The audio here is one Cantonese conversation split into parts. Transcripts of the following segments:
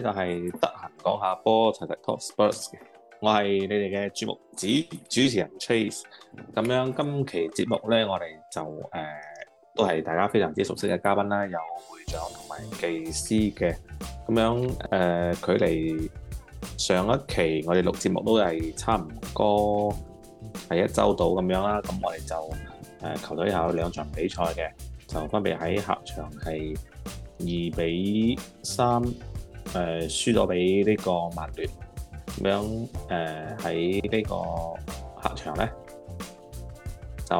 是德行 Bot，就係得閒講下波，齊齊 Talk Spurs 嘅。我係你哋嘅節目主主持人 Chase。咁樣今期節目咧，我哋就誒、呃、都係大家非常之熟悉嘅嘉賓啦，有會長同埋技師嘅。咁樣誒、呃，距離上一期我哋錄節目都係差唔多係一周、呃、到咁樣啦。咁我哋就誒球隊有兩場比賽嘅，就分別喺客場係二比三。誒、呃、輸咗俾呢個曼聯，咁樣誒喺呢個客場咧就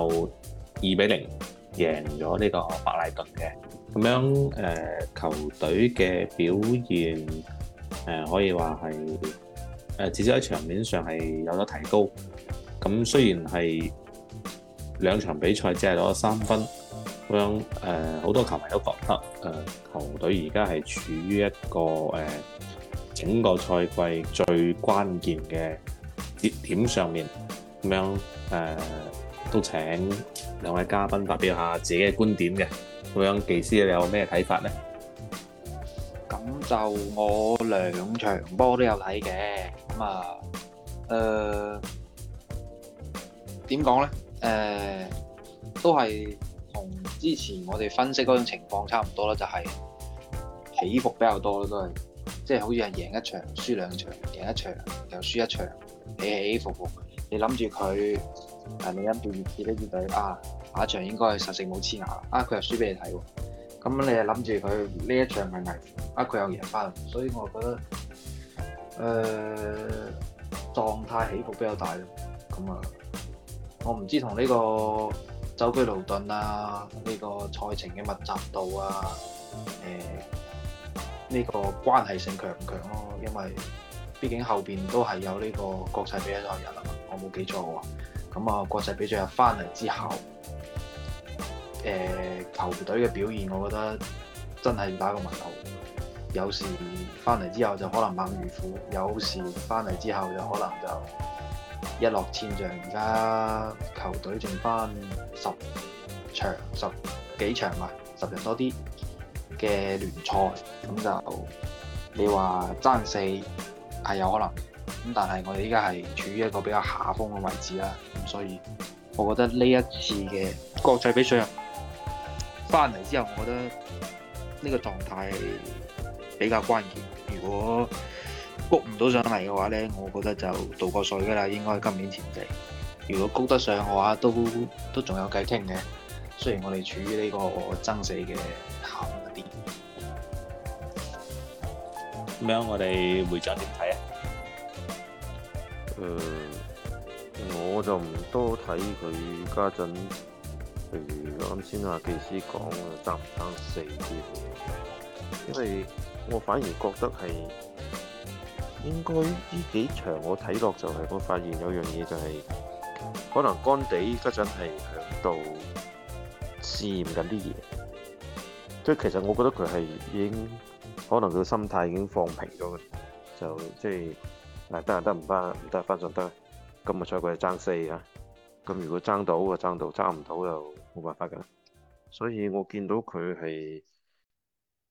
二比零贏咗呢個白禮頓嘅，咁樣誒、呃、球隊嘅表現誒、呃、可以話係誒至少喺場面上係有咗提高，咁雖然係兩場比賽只係攞咗三分。咁樣誒，好多球迷都覺得誒球隊而家係處於一個誒整個賽季最關鍵嘅節點上面。咁樣誒都請兩位嘉賓發表下自己嘅觀點嘅。咁樣技師，你有咩睇法咧？咁就我兩場波都有睇嘅，咁啊，誒點講咧？誒都係。同之前我哋分析嗰種情況差唔多咯，就係、是、起伏比較多咯，都係即係好似係贏一場、輸兩場，贏一場又輸一場，你起起伏伏。你諗住佢係你一隊越跌越累啊，下一場應該係實力冇黐牙啦，啊佢又輸俾你睇喎，咁你又諗住佢呢一場係咪危險啊？佢又贏翻，所以我覺得誒、呃、狀態起伏比較大咯。咁啊，我唔知同呢、這個。首局勞頓啊，呢、這個賽程嘅密集度啊，誒、呃，呢、這個關係性強唔強咯、啊？因為畢竟後邊都係有呢個國際比賽日啦嘛，我冇記錯喎、啊。咁、嗯、啊，國際比賽日翻嚟之後，誒、呃、球隊嘅表現，我覺得真係要打個問號。有時翻嚟之後就可能猛如虎，有時翻嚟之後就可能就、嗯、～一落千丈，而家球隊剩翻十場十幾場啊，十場多啲嘅聯賽，咁就你話爭四係有可能。咁但係我哋依家係處於一個比較下風嘅位置啦，咁所以我覺得呢一次嘅國際比賽返翻嚟之後，我覺得呢個狀態比較關鍵，如果谷唔到上嚟嘅話咧，我覺得就渡過水噶啦，應該今年前四，如果谷得上嘅話，都都仲有計傾嘅。雖然我哋處於呢個爭四嘅下邊。咁樣我哋會長點睇啊？誒，我就唔多睇佢家陣，譬如啱先阿技師講嘅爭唔爭四啲，因為我反而覺得係。應該呢幾場我睇落就係，我發現有樣嘢就係，可能干地家陣係喺度試驗緊啲嘢。即係其實我覺得佢係已經，可能佢心態已經放平咗。就即係嗱，得啊得唔得唔得，翻上得。今日賽季係爭四啊，咁如果爭到啊爭到，爭唔到就冇辦法噶。所以我見到佢係，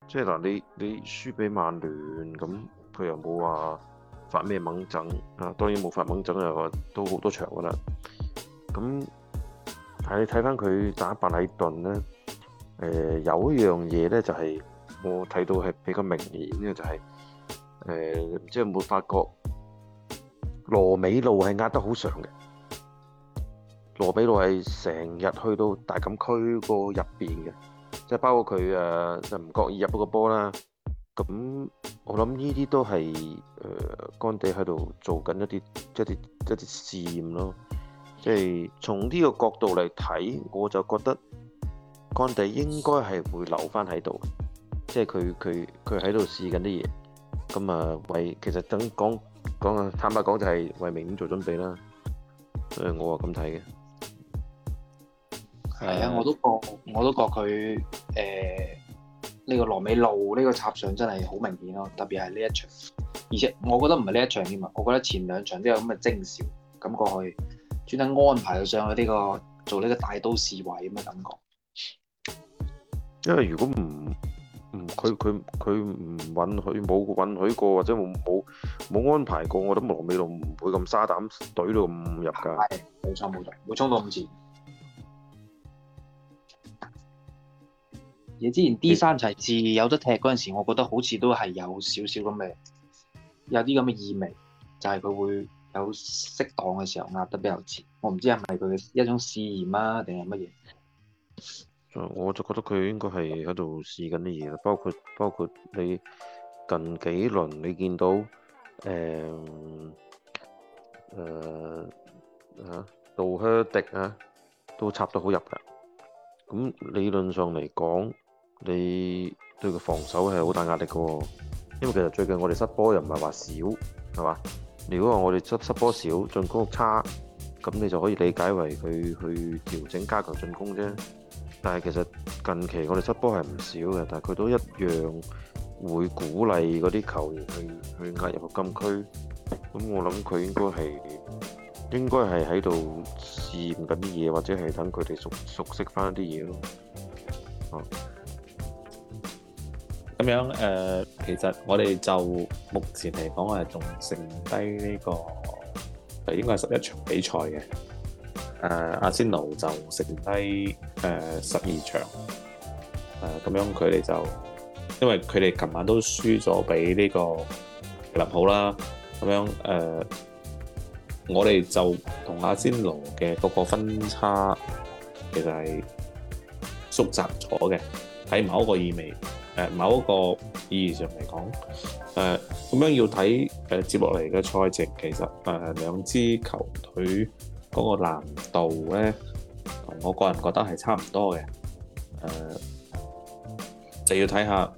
即係嗱，你你輸俾曼聯咁。佢又冇話發咩猛整啊！當然冇發猛整又都好多場噶啦。咁但係你睇翻佢打白禮頓咧，誒、呃、有一樣嘢咧就係、是、我睇到係比較明顯嘅，就係、是、唔、呃、知有冇發覺羅美路係壓得好長嘅，羅比路係成日去到大禁區個入邊嘅，即係包括佢誒、啊、就唔覺意入到個波啦。咁我諗呢啲都係誒乾地喺度做緊一啲一啲一啲試驗咯。即係從呢個角度嚟睇，我就覺得乾地應該係會留翻喺度，即係佢佢佢喺度試緊啲嘢。咁啊為其實等講講啊坦白講就係為明年做準備啦，所以我話咁睇嘅。係啊，我都覺我都覺佢誒。呃呢、這個羅美露呢個插上真係好明顯咯、哦，特別係呢一場，而且我覺得唔係呢一場添㗎，我覺得前兩場都有咁嘅徵兆，感覺去，專登安排咗上去呢、這個做呢個大都市衛咁嘅感覺。因為如果唔唔，佢佢佢唔允許冇允許過或者冇冇冇安排過，我都羅美露唔會咁沙膽隊到咁入㗎。係，冇錯冇錯，冇錯到唔知。嘢之前 D 三齊字有得踢嗰陣時，我覺得好似都係有少少咁嘅，有啲咁嘅意味，就係、是、佢會有適當嘅時候壓得比較遲。我唔知係咪佢嘅一種試驗啊，定係乜嘢？我就覺得佢應該係喺度試緊啲嘢，包括包括你近幾輪你見到誒誒啊杜靴迪啊，都插得好入㗎。咁理論上嚟講，你對佢防守係好大壓力嘅，因為其實最近我哋失波又唔係話少，係嘛？如果話我哋失失波少，進攻差，咁你就可以理解為佢去調整加強進攻啫。但係其實近期我哋失波係唔少嘅，但係佢都一樣會鼓勵嗰啲球員去去壓入個禁區。咁我諗佢應該係應該係喺度試驗緊啲嘢，或者係等佢哋熟熟悉翻啲嘢咯。啊！咁樣誒、呃，其實我哋就目前嚟講，係仲剩低呢、呢個，就應該係十一場比賽嘅。誒、呃，阿仙奴就剩低十二場。誒、呃，咁樣佢哋就因為佢哋琴晚都輸咗俾呢個利物浦啦。咁樣誒、呃，我哋就同阿仙奴嘅個個分差其實係縮窄咗嘅，喺某一個意味。誒某一個意義上嚟講，誒、呃、咁樣要睇誒接落嚟嘅賽程，其實誒、呃、兩支球隊嗰個難度咧，同我個人覺得係差唔多嘅，誒、呃、就要睇下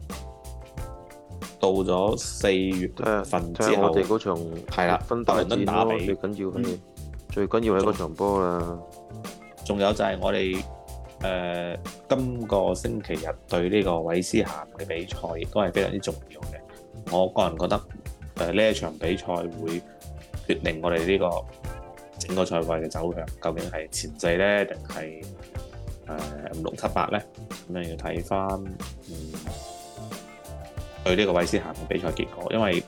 到咗四月份之後看看我哋嗰場係啦，北倫敦打比最緊要北倫敦打比，最緊要係嗰、嗯、場波啊，仲有就係我哋。誒、呃，今個星期日對呢個韋斯咸嘅比賽亦都係非常之重要嘅。我個人覺得，誒、呃、呢一場比賽會決定我哋呢個整個賽季嘅走向，究竟係前四咧，定係誒五六七八咧？咁、嗯、樣要睇翻嗯對呢個韋斯咸嘅比賽結果，因為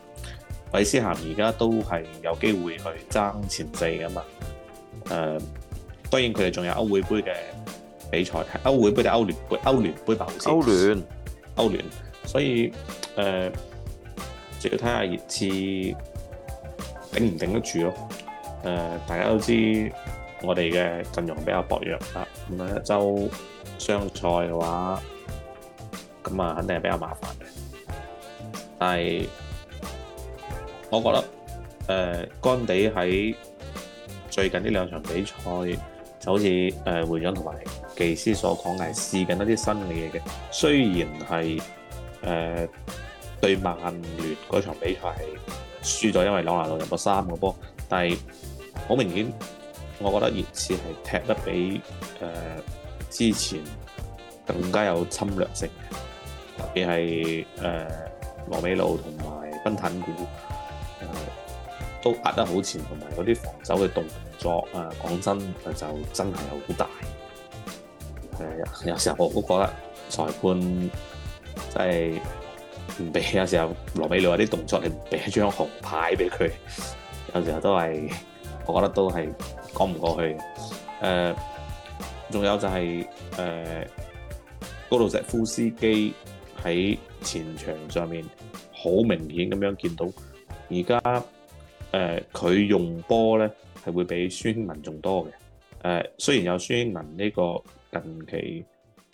韋斯咸而家都係有機會去爭前四㗎嘛。誒、呃，當然佢哋仲有歐會杯嘅。比賽係歐會杯，不如歐聯杯、歐聯杯啩好似。歐聯、歐聯，所以誒，就、呃、要睇下熱刺頂唔頂得住咯。誒、呃，大家都知我哋嘅陣容比較薄弱咁啊，一週雙賽嘅話，咁啊，肯定係比較麻煩嘅。但係，我覺得誒，干、呃、地喺最近呢兩場比賽，就好似誒會長同埋技師所講嘅，係試緊一啲新嘅嘢嘅。雖然係誒、呃、對曼聯嗰場比賽係輸咗，因為朗拿度入咗三個波，但係好明顯，我覺得熱刺係踢得比誒、呃、之前更加有侵略性嘅，特別係誒、呃、羅美路同埋賓坦古。都壓得好前，同埋嗰啲防守嘅動作啊，講真，就真係好大。誒，有時候我都覺得裁判真係唔俾，有時候羅美路啲動作，你唔俾一張紅牌俾佢，有時候都係我覺得都係講唔過去。誒，仲有就係誒高路石夫斯基喺前場上面好明顯咁樣見到而家。誒、呃、佢用波咧係會比孫興文仲多嘅。誒、呃、雖然有孫興文呢個近期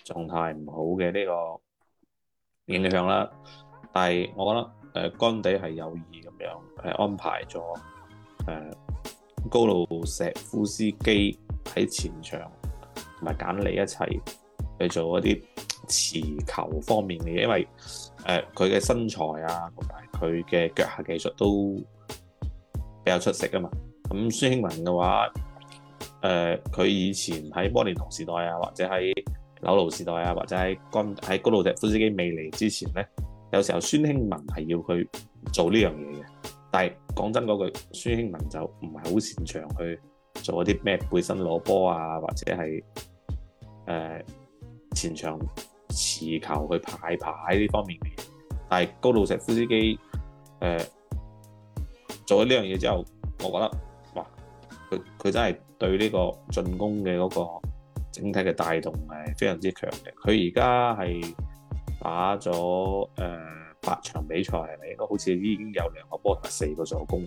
狀態唔好嘅呢個影響啦，但係我覺得乾、呃、地係有意咁樣係安排咗、呃、高路石夫斯基喺前場同埋簡尼一齊去做一啲持球方面嘅嘢，因為誒佢嘅身材啊同埋佢嘅腳下技術都有出色啊嘛！咁孫興文嘅話，誒、呃，佢以前喺波連同時代啊，或者喺紐勞時代啊，或者喺高路石夫斯基未嚟之前呢，有時候孫興文係要去做呢樣嘢嘅。但係講真嗰句，孫興文就唔係好擅長去做一啲咩背身攞波啊，或者係誒前場持球去排排呢方面嘅。但係高路石夫斯基，呃做咗呢樣嘢之後，我覺得哇，佢真係對呢個進攻嘅嗰個整體嘅帶動係非常之強嘅。佢而家係打咗、呃、八場比賽係咪？都好似已經有兩個波得四個助攻，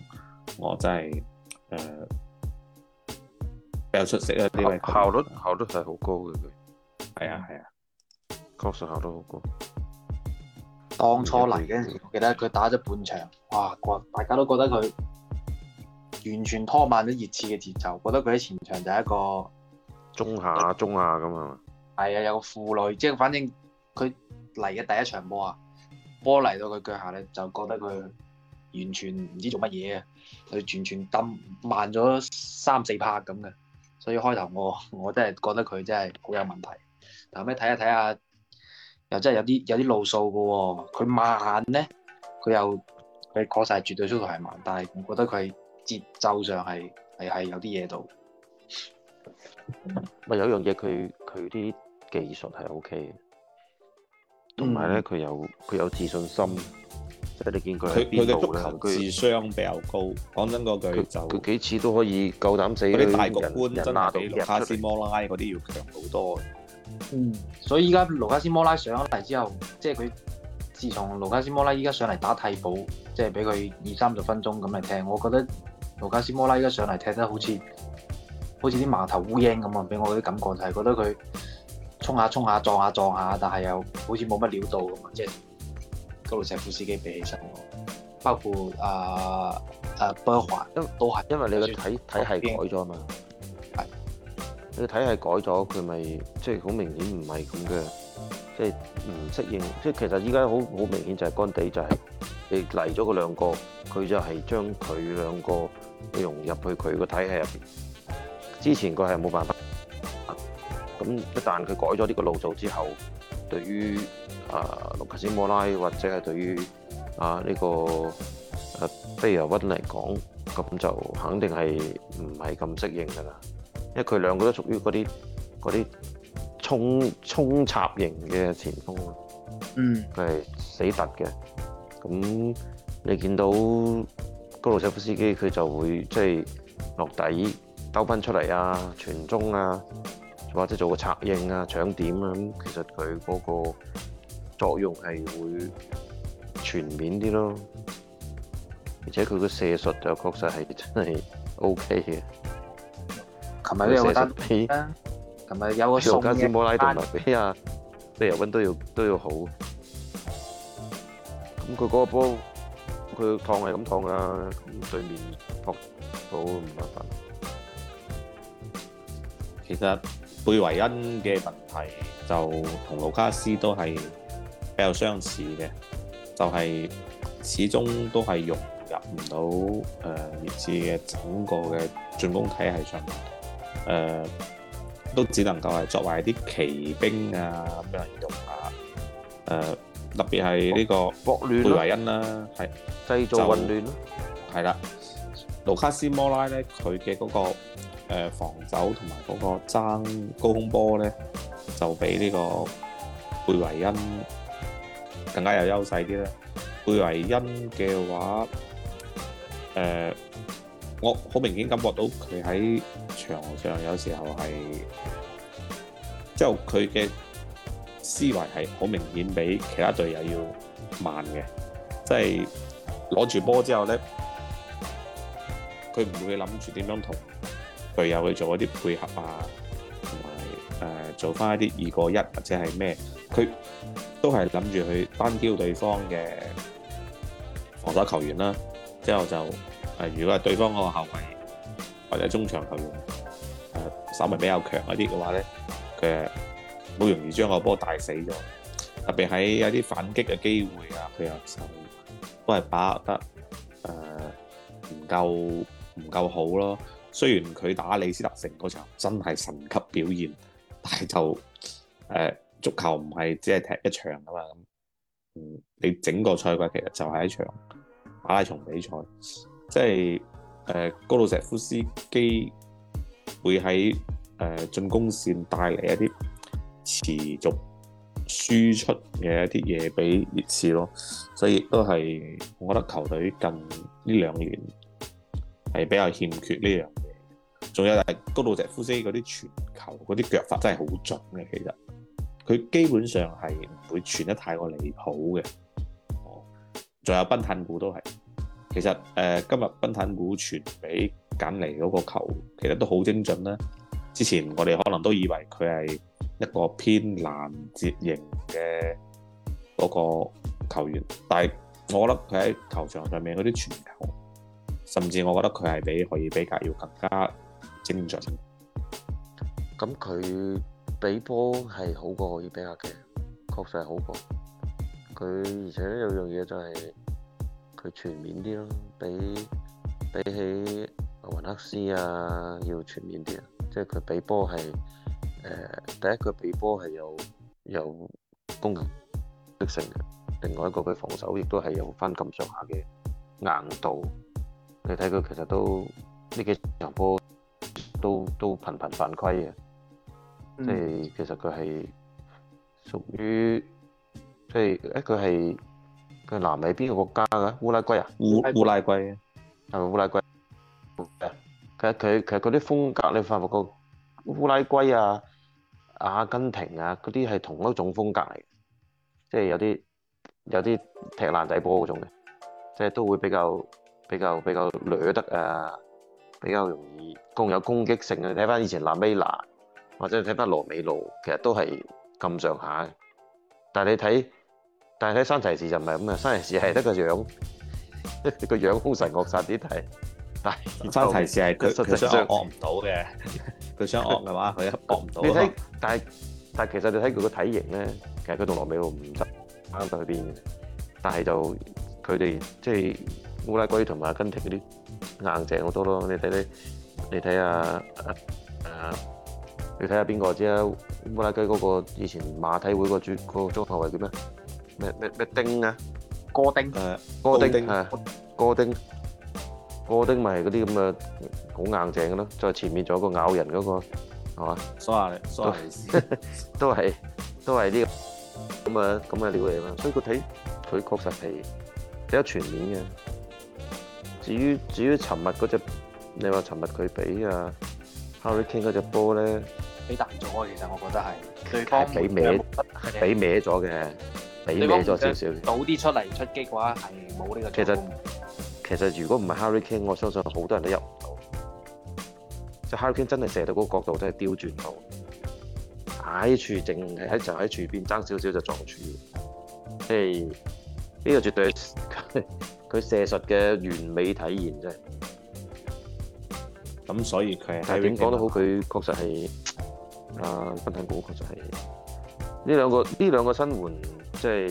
我真係、呃、比較出色啲、啊、嚟。效率效率係好高嘅佢。係啊係啊，確實、啊、效率好高。當初嚟嘅時，我記得佢打咗半場，哇！大家都覺得佢完全拖慢咗熱刺嘅節奏，覺得佢喺前場就係一個中下、中下咁係嘛？係啊，有個負累，即係反正佢嚟嘅第一場波啊，波嚟到佢腳下咧，就覺得佢完全唔知做乜嘢啊，佢完全掟慢咗三四拍咁嘅，所以開頭我我真係覺得佢真係好有問題。但後尾睇下睇下。又真係有啲有啲路數嘅喎，佢慢咧，佢又佢確實絕對速度係慢，但係我覺得佢節奏上係係係有啲嘢度。咪 有樣嘢佢佢啲技術係 OK 嘅，同埋咧佢有佢有，有自信心，嗯、即係你見佢喺邊，佢嘅足球智商比較高，講真嗰句，佢佢幾次都可以夠膽死。佢大局觀真係盧卡斯摩拉啲要強好多。嗯，所以依家盧卡斯摩拉上咗嚟之後，即係佢自從盧卡斯摩拉依家上嚟打替補，即係俾佢二三十分鐘咁嚟聽，我覺得盧卡斯摩拉依家上嚟踢得好似好似啲盲頭烏蠅咁啊！俾我嗰啲感覺就係覺得佢衝下衝下，下撞下撞，下，撞下，但係又好似冇乜料到咁啊、嗯！即係高路石夫斯基比起身，包括啊啊伯華都都係，因為你個體體系改咗啊嘛。你個體系改咗，佢咪即係好明顯唔係咁嘅，即係唔適應。即係其實依家好好明顯就係乾地、就是，就係你嚟咗嗰兩個，佢就係將佢兩個融入去佢個體系入邊。之前佢係冇辦法，咁一旦佢改咗呢個路數之後，對於啊盧卡斯摩拉或者係對於啊呢、呢個啊蒂亞溫嚟講，咁就肯定係唔係咁適應㗎啦。因為佢兩個都屬於嗰啲嗰啲衝衝插型嘅前鋒啊，係、嗯、死突嘅。咁你見到高路舍夫斯基佢就會即係、就是、落底兜返出嚟啊，傳中啊，或者做個策應啊、搶點啊。咁其實佢嗰個作用係會全面啲咯，而且佢嘅射術就確實係真係 OK 嘅。埋咪有隻筆？係咪有個有嘅？有家斯摩拉動有比啊，啲油溫都要都要好。咁佢嗰個煲，佢燙係咁燙㗎。咁對面撲到唔麻煩。其實貝維恩嘅問題就同盧卡斯都係比較相似嘅，就係、是、始終都係融入唔到誒熱刺嘅整個嘅進攻體系上面。誒都只能夠係作為一啲騎兵啊、咁樣用啊。誒特別係呢個貝維恩啦，係製造混亂咯，係啦。盧卡斯摩拉咧，佢嘅嗰個誒防守同埋嗰個爭高空波咧，就比呢個貝維恩更加有優勢啲啦。貝維恩嘅話誒。我好明顯感覺到佢喺場上有時候係，之後佢嘅思維係好明顯比其他隊友要慢嘅，即係攞住波之後呢，佢唔會諗住點樣同隊友去做一啲配合啊，同埋、呃、做返一啲二個一或者係咩，佢都係諗住去單挑對方嘅防守球員啦，之後就。如果係對方嗰個後衞或者中場球員誒稍微比較強一啲嘅話咧，佢好容易將個波帶死咗。特別喺有啲反擊嘅機會啊，佢又手都係把握得誒唔、呃、夠唔夠好咯。雖然佢打李斯特城嗰場真係神級表現，但係就誒、呃、足球唔係只係踢一場噶嘛。嗯，你整個賽季其實就係一場馬拉松比賽。即係誒、呃，高魯石夫斯基會喺誒進攻線帶嚟一啲持續輸出嘅一啲嘢俾熱刺咯，所以亦都係我覺得球隊近呢兩年係比較欠缺呢樣嘢。仲有就係高魯石夫斯基嗰啲傳球，嗰啲腳法真係好準嘅。其實佢基本上係唔會傳得太過離譜嘅。哦，仲有賓坦古都係。其實誒、呃，今日賓坦古傳俾簡尼嗰個球，其實都好精準。之前我哋可能都以為佢係一個偏攔截型嘅嗰個球員，但係我覺得佢喺球場上面嗰啲傳球，甚至我覺得佢係比凱爾比格要更加精準。咁佢比波係好過凱爾比格嘅，確實係好過佢。佢而且有一樣嘢就係。佢全面啲咯，比比起雲克斯啊，要全面啲啊。即係佢俾波係誒第一個俾波係有有功能性嘅，另外一個佢防守亦都係有翻咁上下嘅硬度。你睇佢其實都呢幾場波都都頻頻犯規嘅，即係其實佢係屬於即係佢係。南美邊個國家嘅烏拉圭啊？烏烏拉圭係咪烏拉圭啊？其實佢其實嗰啲風格咧，發覺個烏拉圭啊、阿根廷啊嗰啲係同一種風格嚟，即係有啲有啲踢爛底波嗰種嘅，即係都會比較比較比較掠得啊，比較容易更有攻擊性嘅。睇翻以前拉美拉或者睇翻羅美路，其實都係咁上下嘅。但係你睇。但係睇山提士就唔係咁啊！山提士係得個樣，個樣好 神惡煞啲睇。山提士係佢想惡唔到嘅，佢想惡嘅話，佢 一惡唔到。你睇， 但係但係其實你睇佢個體型咧，其實佢同羅美露唔得，啱得去邊嘅？但係就佢哋即係烏拉圭同埋阿根廷啲硬淨好多咯。你睇睇，你睇下啊，啊，啊，你睇下邊個知啊？烏拉圭嗰個以前馬體會主、嗯那個主個足球員叫咩？咩咩咩丁啊？哥丁，哥丁，哥丁，哥丁，咪係嗰啲咁嘅好硬淨嘅咯。再前面仲有個咬人嗰個，係嘛？沙利沙利斯都係都係啲咁嘅咁嘅料嚟嘅。所以佢睇佢確實係比較全面嘅。至於至於尋日嗰隻，你話尋日佢比啊 Harry Kane 嗰隻波咧，比彈咗啊！其實我覺得係對方比歪，比歪咗嘅。俾歪咗少少，早啲出嚟出擊嘅話係冇呢個。其實其實如果唔係 Harry Kane，我相信好多人都入唔到。即 Harry Kane 真係射到嗰個角度都係刁轉頭，喺處淨係喺就喺處邊爭少少就撞柱。即係呢個絕對佢 射術嘅完美體現啫。咁所以佢，但係點講都好，佢確實係啊賓坦古確實係呢兩個呢兩個新援。即、就、係、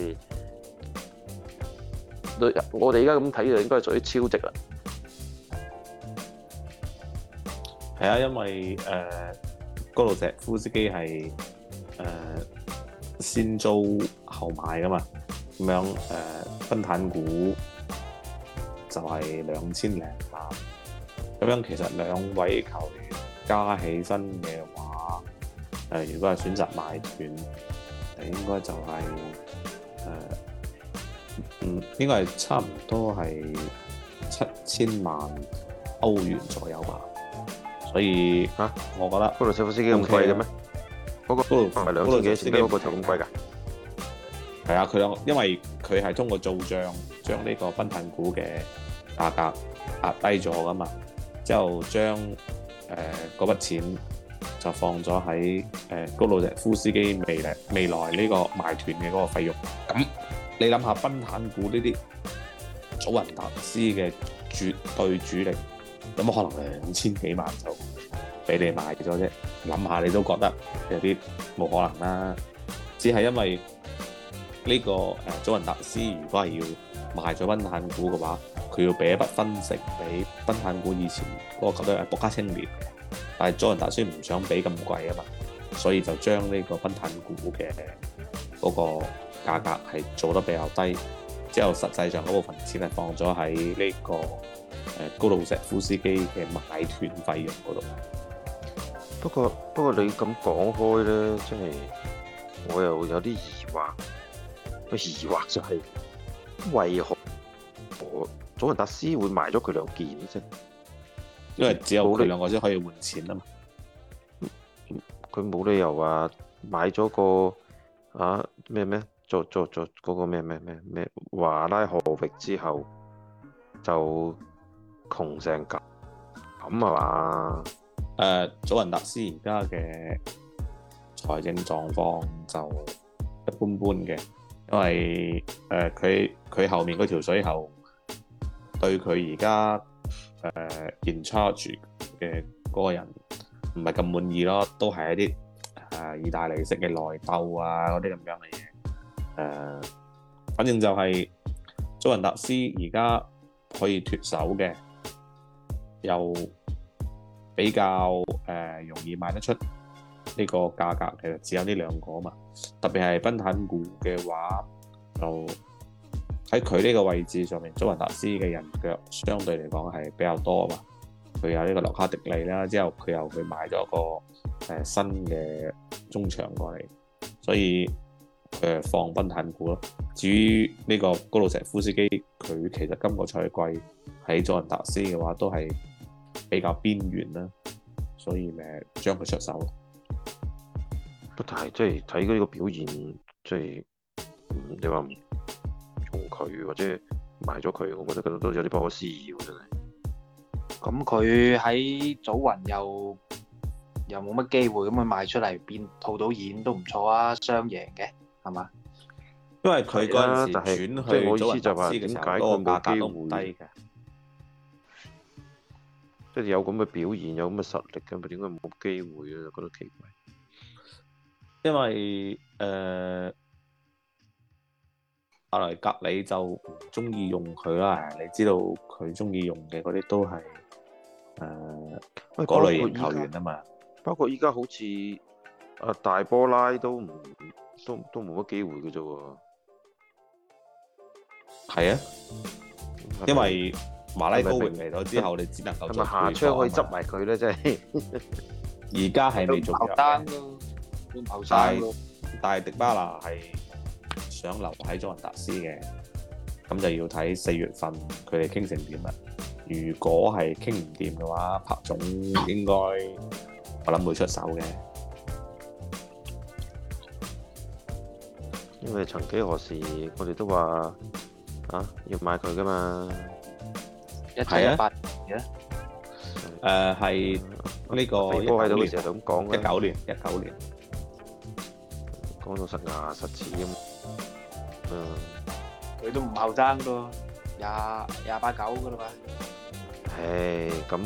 是，我哋而家咁睇就應該屬於超值啦。係啊，因為誒嗰度隻富斯機高路錫夫斯基係、呃、先租後買噶嘛，咁樣、呃、分攤股就係兩千零萬。咁樣其實兩位球員加起身嘅話、呃，如果係選擇買斷，誒應該就係、是。誒，嗯，應該係差唔多係七千萬歐元左右吧，所以吓，我覺得嗰度洗車司機咁貴嘅咩？嗰、嗰個唔係兩千幾錢嗰個條咁貴噶？係、嗯、啊，佢因為佢係通過做賬，將呢個奔騰股嘅價格壓低咗噶嘛，之後將誒嗰、uh, 筆錢就放咗喺。誒路迪夫斯基未咧，未來呢個賣斷嘅嗰個費用。咁，你諗下，賓坦古呢啲祖雲達斯嘅絕對主力，有乜可能兩千幾萬就俾你賣咗啫？諗下你都覺得有啲冇可能啦。只係因為呢個誒祖雲達斯如果係要賣咗賓坦古嘅話，佢要畀一筆分成俾賓坦古以前嗰個得多博卡青年，但係祖雲達斯唔想畀咁貴啊嘛。所以就將呢個賓坦古嘅嗰個價格係做得比較低，之後實際上嗰部分錢係放咗喺呢個誒高路石夫斯基嘅買斷費用嗰度。不過不過，你咁講開咧，即係我又有啲疑惑。個疑惑就係為何我祖雲達斯會賣咗佢兩件啫？因為只有佢兩個先可以換錢啊嘛。佢冇理由話、啊、買咗個啊咩咩做做做嗰、嗰個咩咩咩咩華拉河域之後就窮成咁咁啊嘛？誒，uh, 祖雲達斯而家嘅財政狀況就一般般嘅，因為誒佢佢後面嗰條水喉對佢而家誒 in charge 嘅嗰個人，唔係咁滿意咯，都係一啲意大利式嘅內鬥啊，嗰啲咁樣嘅嘢、呃。反正就係祖雲達斯而家可以脫手嘅，又比較、呃、容易賣得出呢個價格，其實只有呢兩個嘛。特別係賓坦古嘅話，就喺佢呢個位置上面，祖雲達斯嘅人腳相對嚟講係比較多嘛。佢有呢個洛卡迪利啦，之後佢又佢買咗個、呃、新嘅中場過嚟，所以誒、呃、放賓坦古咯。至於呢個高魯石夫斯基，佢其實今個賽季喺祖雲達斯嘅話都係比較邊緣啦，所以誒將佢出手了。但係即係睇佢呢個表現，即係你話唔用佢或者賣咗佢，我覺得，覺得都有啲不可思議喎，真係。咁佢喺早雲又又冇乜機會，咁佢賣出嚟變套到現都唔錯啊，雙贏嘅係嘛？因為佢嗰陣時、啊、轉去咗公司嘅時候，即係有咁嘅表現，有咁嘅實力，咁點解冇機會啊？覺得奇怪。因為誒阿萊格里就唔中意用佢啦，你知道佢中意用嘅嗰啲都係。誒，嗰類型球員啊嘛，包括依家好似阿大波拉都唔都都冇乜機會嘅啫，係啊，因為馬拉高榮嚟咗之後，你只能夠係咪下車可以執埋佢咧？即係而家係未做，但係但係迪巴拉係想留喺祖雲達斯嘅，咁就要睇四月份佢哋傾成點啦。如果係傾唔掂嘅話，柏總應該我諗會出手嘅，因為曾幾何時我哋都話嚇要買佢噶嘛，一七一八年嘅，誒係呢個一九年，一九年，一九年，講到實牙實齒啊，嗯，佢都唔後生㗎，廿廿八九㗎啦嘛。唉，咁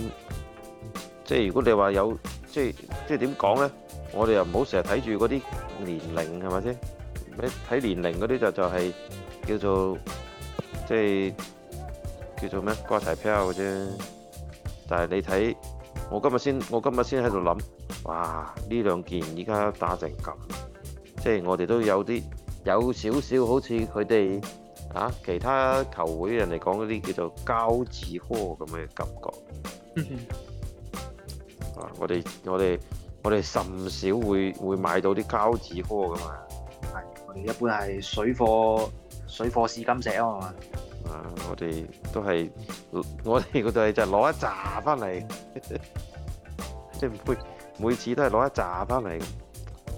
即係如果你話有，即係即係點講咧？我哋又唔好成日睇住嗰啲年齡係咪先？你睇年齡嗰啲就就係叫做即係叫做咩瓜仔飄嘅啫。但係你睇我今日先，我今日先喺度諗，哇！呢兩件而家打成咁，即係我哋都有啲有少少好似佢哋。啊！其他球會人哋講嗰啲叫做膠紙殼咁嘅感覺 啊啊。啊！我哋我哋我哋甚少會會買到啲膠紙殼噶嘛。係，我哋一般係水貨水貨試金石啊嘛。啊！我哋都係，我哋嗰度係就攞一扎翻嚟，即係每每次都係攞一扎翻嚟。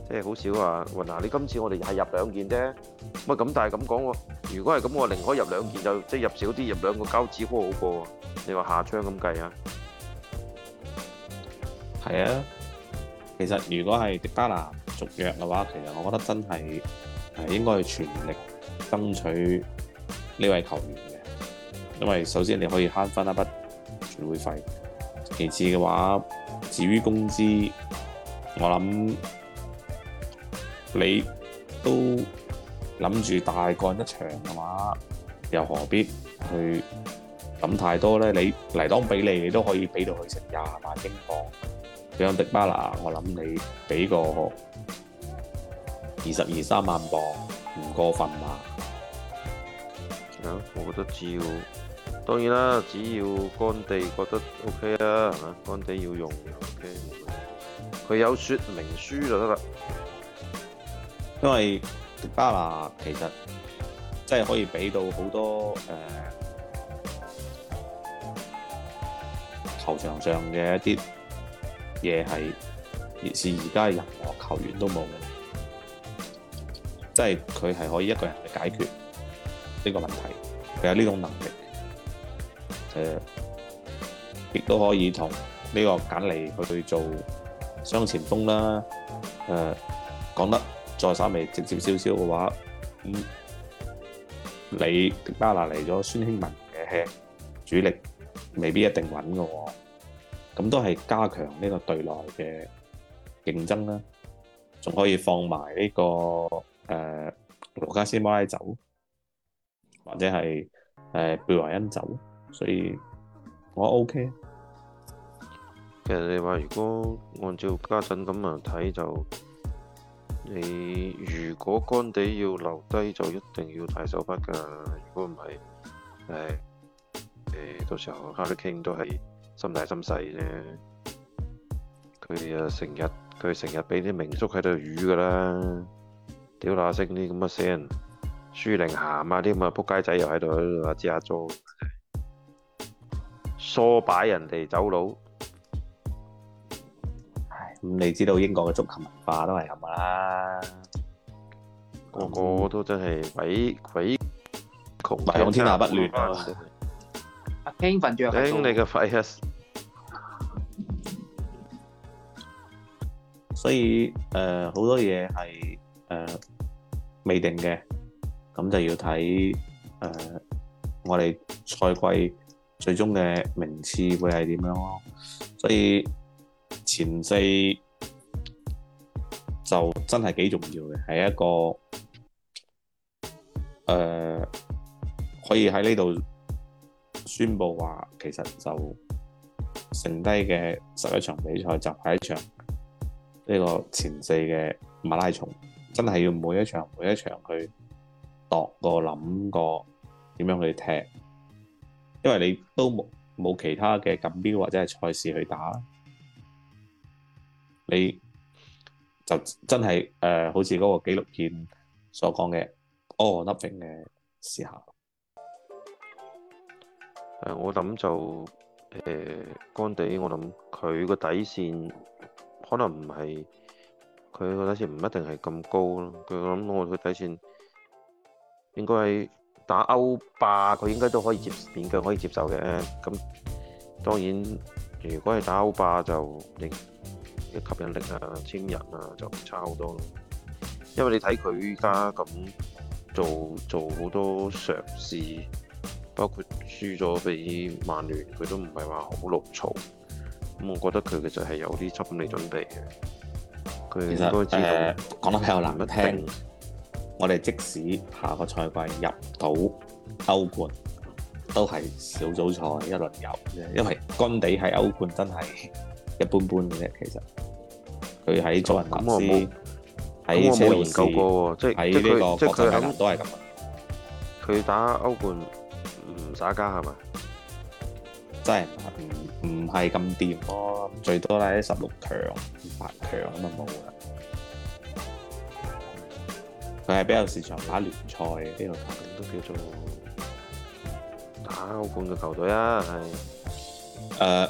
即係好少話，雲娜，你今次我哋係入兩件啫。唔啊咁，但係咁講喎，如果係咁，我寧可入兩件就即係入少啲，入兩個膠紙鍋好過。你話下槍咁計啊？係啊，其實如果係迪巴拿續約嘅話，其實我覺得真係係應該去全力爭取呢位球員嘅，因為首先你可以慳翻一筆轉會費，其次嘅話至於工資，我諗。你都諗住大幹一場嘅話，又何必去諗太多咧？你嚟當俾你，你都可以俾到佢成廿萬英鎊比咁迪巴拿，我諗你俾個二十二三萬磅唔過分嘛？我覺得只要當然啦，只要干地覺得 OK 啦，係嘛？干地要用 OK，佢有說明書就得啦。因為迪巴拿其實真係可以俾到好多、呃、球場上嘅一啲嘢係，而係而家任何球員都冇嘅，即係佢係可以一個人去解決呢個問題，佢有呢種能力誒，亦、呃、都可以同呢個簡尼去做雙前鋒啦、呃。講得。再稍微直接少少嘅話，咁你迪巴拿嚟咗，孫興文嘅主力未必一定穩嘅喎，咁都係加強呢個隊內嘅競爭啦，仲可以放埋呢個誒盧加斯摩拉走，或者係誒貝華恩走，所以我 OK。其實你話如果按照家陣咁嚟睇就～你如果乾地要留低，就一定要大手筆㗎。如果唔係，唉，到時候 Harry Kane 都係心大心細啫。佢啊成日，佢成日畀啲名宿喺度魚㗎啦，屌乸星啲咁嘅死人，舒寧咸啊啲咁嘅撲街仔又喺度喺度話擠下租，梳擺人哋走佬。你知道英國嘅足球文化都係咁啦，個個都真係唯唯恐天下不亂啊！你嘅快客，所以好多嘢係誒未定嘅，咁就要睇我哋賽季最終嘅名次會係點樣咯，所以。呃前四就真係幾重要嘅，係一個、呃、可以喺呢度宣布話，其實就剩低嘅十一場比賽就係一場呢個前四嘅馬拉松，真係要每一場每一場去度個諗個點樣去踢，因為你都冇冇其他嘅錦標或者係賽事去打。你就真係誒、呃，好似嗰個紀錄片所講嘅，oh nothing 嘅時候誒。我諗就誒，干、呃、地，我諗佢個底線可能唔係佢個底線，唔一定係咁高咯。佢諗我佢底線應該係打歐霸，佢應該都可以接面嘅，可以接受嘅。咁當然，如果係打歐霸就你。嘅吸引力啊，簽人啊，就唔差好多咯。因為你睇佢依家咁做做好多嘗試，包括輸咗俾曼聯，佢都唔係話好怒嘈。咁我覺得佢其實係有啲心理準備嘅，其實誒講得比較難，呃，得聽，一定聽我哋即使下個賽季入到歐冠，都係小組賽一輪遊啫。因為干地喺歐冠真係。一般般嘅啫，其實佢喺祖雲達斯，喺、哦、車路士，喺呢個國際米蘭都係咁。佢打歐冠唔耍家係咪？真係唔唔係咁掂咯，最多咧十六強、八強都冇啦。佢、嗯、係比較擅長打聯賽，呢個都叫做打歐冠嘅球隊啊，係。誒、呃、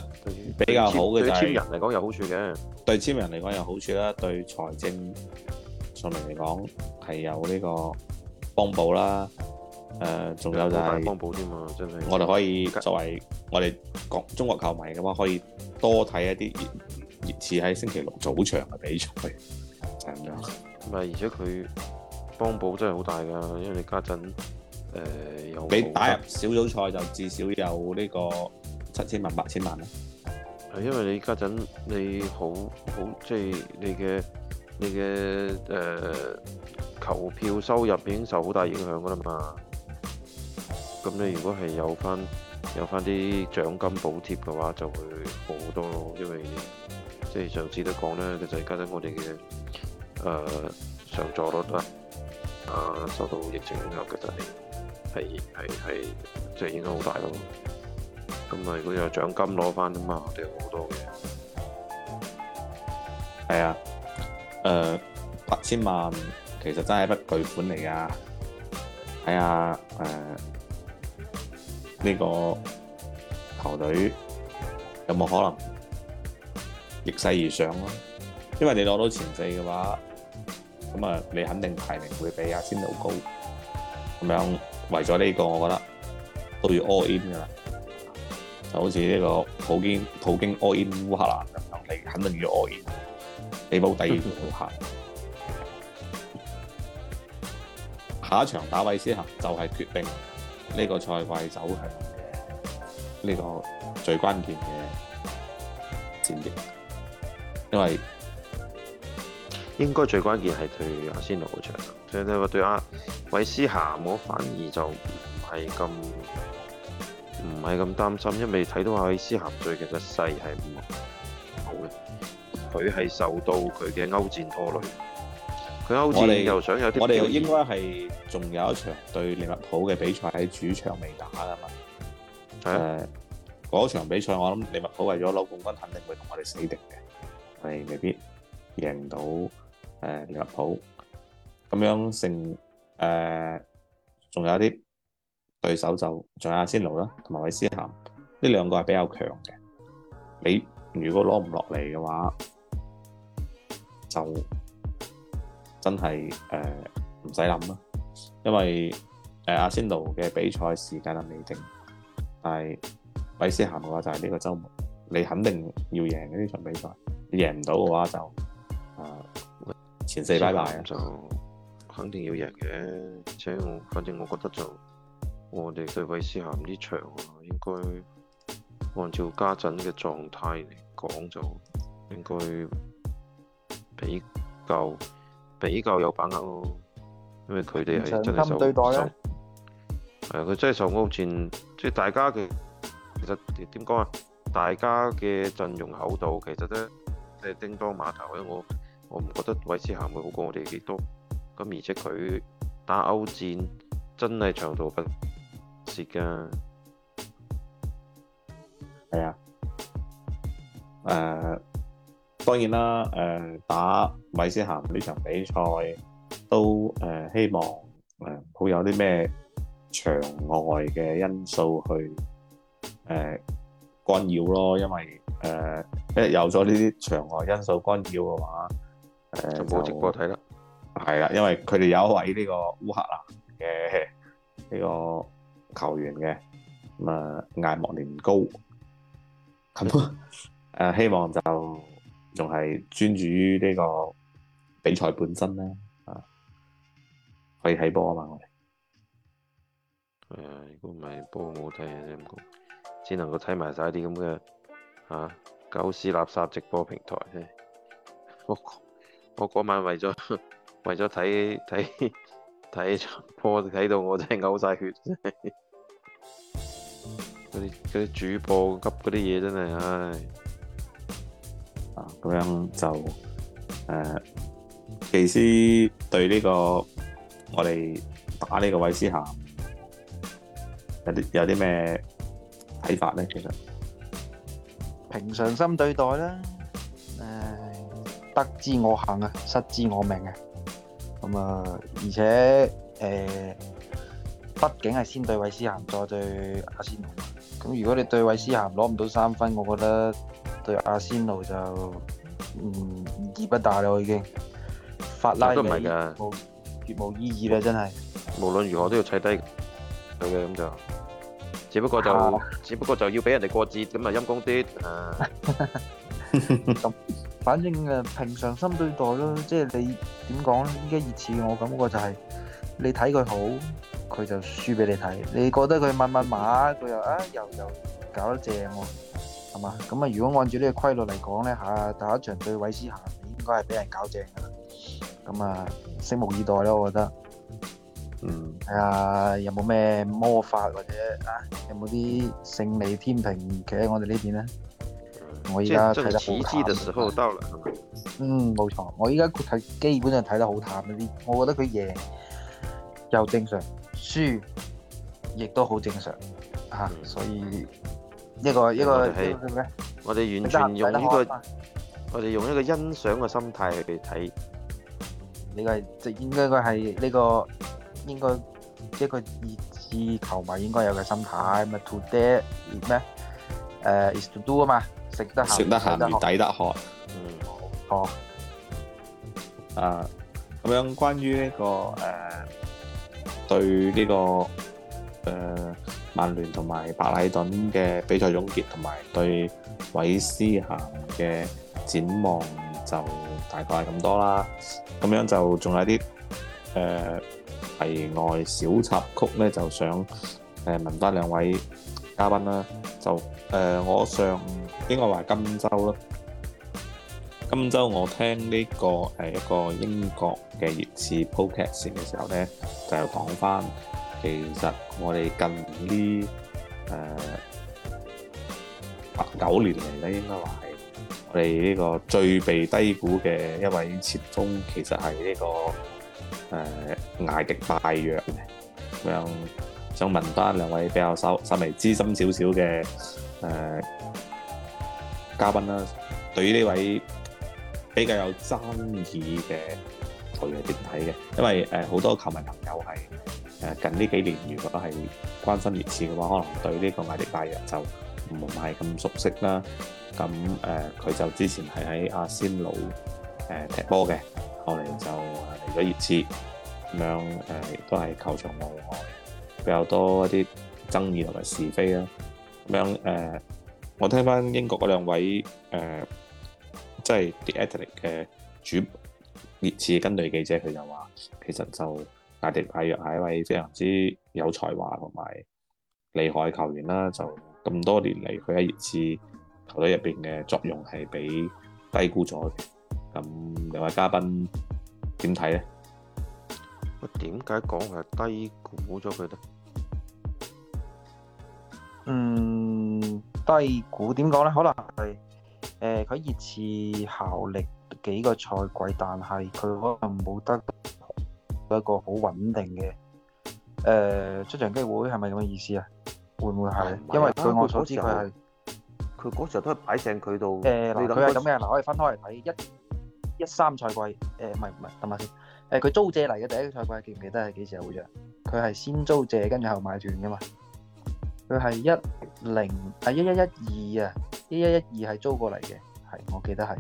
比較好嘅就對簽人嚟講有好處嘅，對簽人嚟講有好處啦，對財政上面嚟講係有呢個幫補啦。誒、呃，仲有就係幫補添嘛？真係我哋可以作為我哋國中國球迷嘅話，可以多睇一啲熱刺喺星期六早場嘅比賽，係咁樣咁啊。而且佢幫補真係好大㗎，因為你家陣，誒，有你打入小組賽就至少有呢個七千萬、八千萬咧，係因為你家陣你好好，即係你嘅你嘅誒球票收入已經受好大影響㗎啦嘛。咁你如果係有翻有翻啲獎金補貼嘅話，就會好好多咯。因為即係上次都講咧，其實家陣我哋嘅誒上座率啊啊受到疫情影響嘅就係係係即係影響好大咯。咁啊，如果有獎金攞返啊嘛，我哋好多嘅係啊，誒、呃、八千萬其實真係一筆巨款嚟㗎。睇下誒呢個球隊有冇可能逆勢而上？因為你攞到前四嘅話，咁啊，你肯定排名會比阿仙奴高。咁樣為咗呢個，我覺得都要 all in 㗎喇。就好似呢個普京，普京愛烏克蘭咁樣，肯定要愛。你冇第二盤好慘， 下一場打韋斯咸就係決定呢個賽季走向，呢個最關鍵嘅戰役。因為應該最關鍵係對阿仙奴嗰場，即對阿韋斯咸，我反而就唔係咁。唔係咁擔心，因為睇到阿斯咸最近嘅勢係唔好嘅，佢係受到佢嘅歐戰拖累。佢歐戰又想有啲。我哋應該係仲有一場對利物浦嘅比賽喺主場未打噶嘛？誒，嗰場比賽我諗利物浦為咗攞冠軍，肯定會同我哋死敵嘅。係未必贏到誒利物浦，咁樣成誒仲有啲。對手就仲有阿仙奴啦，同埋韋斯咸呢兩個係比較強嘅。你如果攞唔落嚟嘅話，就真係誒唔使諗啦。因為阿、呃、仙奴嘅比賽時間啊未定，但係韋斯咸嘅話就係呢個周末，你肯定要贏呢場比賽。你贏唔到嘅話就、呃、前四拜拜。就肯定要贏嘅，而且我反正我覺得就。我哋對韋斯咸呢場啊，應該按照家陣嘅狀態嚟講，就應該比較比較有把握咯。因為佢哋係真係受受係啊，佢真係受歐戰，即係大家嘅其實點講啊？大家嘅陣容厚度其實咧，即係叮當碼頭咧，我我唔覺得韋斯咸會好過我哋幾多咁，而且佢打歐戰真係長度不蝕嘅，係啊，誒、呃，當然啦，誒、呃，打米斯咸呢場比賽都誒、呃、希望誒冇、呃、有啲咩場外嘅因素去誒、呃、干擾咯，因為誒、呃，一有咗呢啲場外因素干擾嘅話，誒、呃，就冇直播睇啦，係啊，因為佢哋有一位呢個烏克蘭嘅呢個。球員嘅咁啊，艾、嗯、莫年高咁啊，希望就仲係專注於呢個比賽本身啦，啊 可以睇波啊嘛，我哋係啊，如果唔係波我睇下先。嘅，只能夠睇埋晒啲咁嘅啊，狗屎垃圾直播平台啫，我我嗰晚為咗為咗睇睇。睇場波就睇到我真係嘔晒血，嗰啲啲主播急嗰啲嘢真係，唉，咁樣就誒，技師對呢個我哋打呢個韋斯咸有啲有啲咩睇法咧？其實平常心對待啦，唉，得之我幸啊，失之我命啊。咁啊，而且誒，畢竟係先對韋斯咸再對阿仙奴。咁如果你對韋斯咸攞唔到三分，我覺得對阿仙奴就意義不大啦。我已經法拉尼冇絕無意義啦，真係。無論如何都要砌低佢嘅，咁就只不過就只不過就要俾人哋過節，咁啊陰公啲啊。反正誒、啊，平常心對待咯，即係你點講咧？依家熱刺我感覺就係、是、你睇佢好，佢就輸俾你睇。你覺得佢密密麻，佢又啊又又搞得正喎，係嘛？咁啊，如果按照呢個規律嚟講咧，吓第一場對韋斯咸應該係俾人搞正噶啦。咁啊，拭目以待咯，我覺得。嗯。係啊，有冇咩魔法或者啊，有冇啲勝利天平企喺我哋呢邊咧？我而家睇得好淡，嗯，冇錯。我而家睇基本上睇得好淡嗰啲，我覺得佢贏又正常，輸亦都好正常吓、嗯啊。所以一個、嗯一，個嗯、一個，我哋完全用呢、這個、個，我哋用一個欣賞嘅心態去睇呢、嗯這個係、這個，應該佢係呢個應該一個熱刺球迷應該有嘅心態。咁、嗯、啊，to die 咩？誒，is to do 啊嘛。食得咸，抵得渴。嗯，好、哦。啊，咁樣關於呢、這個誒、呃、對呢、這個誒、呃、曼聯同埋白禮頓嘅比賽總結，同埋對韋斯咸嘅展望，就大概係咁多啦。咁樣就仲有啲誒、呃、題外小插曲咧，就想誒問翻兩位嘉賓啦。就誒、呃，我上。應該話今週咯。今週，我聽呢個係一個英國嘅熱刺播劇線嘅時候咧，就講翻其實我哋近呢誒八九年嚟咧，應該話係我哋呢個最被低估嘅一位前鋒，其實係呢個誒艾迪拜約嘅。咁樣想問翻兩位比較稍稍微資深少少嘅誒。嘉賓啦，對於呢位比較有爭議嘅球員係點睇嘅？因為誒好、呃、多球迷朋友係誒、呃、近呢幾年，如果係關心熱刺嘅話，可能對呢個艾迪拜約就唔係咁熟悉啦。咁誒佢就之前係喺阿仙奴誒、呃、踢波嘅，後嚟就嚟咗熱刺，咁樣亦、呃、都係球場外比較多一啲爭議同埋是非啦。咁樣誒。呃我聽翻英國嗰兩位誒、呃，即係 The Athletic 嘅主熱刺跟隊記者，佢就話其實就艾迪拜約係一位非常之有才華同埋厲害嘅球員啦。就咁多年嚟，佢喺熱刺球隊入面嘅作用係被低估咗。咁兩位嘉賓點睇呢？我點解講係低估咗佢呢？嗯。低估點講咧？可能係誒，佢、呃、熱刺效力幾個賽季，但係佢可能冇得到一個好穩定嘅誒、呃、出場機會，係咪咁嘅意思啊？會唔會係、哎？因為據我,為據我所知，佢係佢嗰時候都係擺正佢度。誒、呃，佢係咁嘅。嗱，可以分開嚟睇一一三賽季誒，唔係唔係，等埋先誒，佢、呃、租借嚟嘅第一個賽季，記唔記得係幾時入會嘅？佢係先租借，跟住後買斷噶嘛。佢係一零啊、哎，一一一二啊，一一一二係租過嚟嘅，係我記得係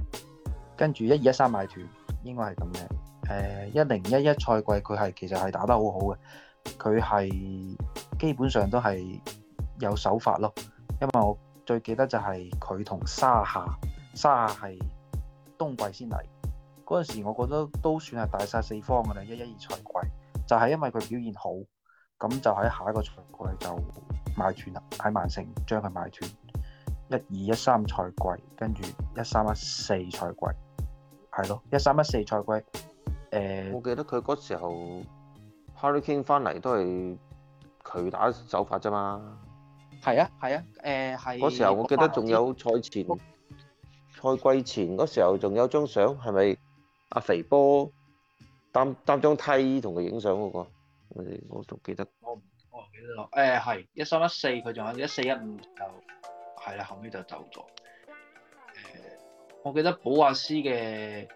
跟住一二一三買斷，應該係咁嘅。誒、呃，一零一一賽季佢係其實係打得好好嘅，佢係基本上都係有手法咯。因為我最記得就係佢同沙夏，沙夏係冬季先嚟嗰陣時，我覺得都算係大殺四方嘅啦。一一一二賽季就係、是、因為佢表現好，咁就喺下一個賽季就。買斷啦，喺曼城將佢買斷，一二一三賽季，跟住一三一四賽季，係咯，一三一四賽季。誒，我記得佢嗰時候 Harry Kane 翻嚟都係佢打手法啫嘛。係啊，係啊，誒，係。嗰時候我記得仲有賽前，賽季前嗰時候仲有張相，係咪阿肥波擔擔張梯同佢影相嗰個？我我仲記得。誒，係一三一四佢仲有一四一五就係啦，後尾就走咗。誒、uh，我記得保華斯嘅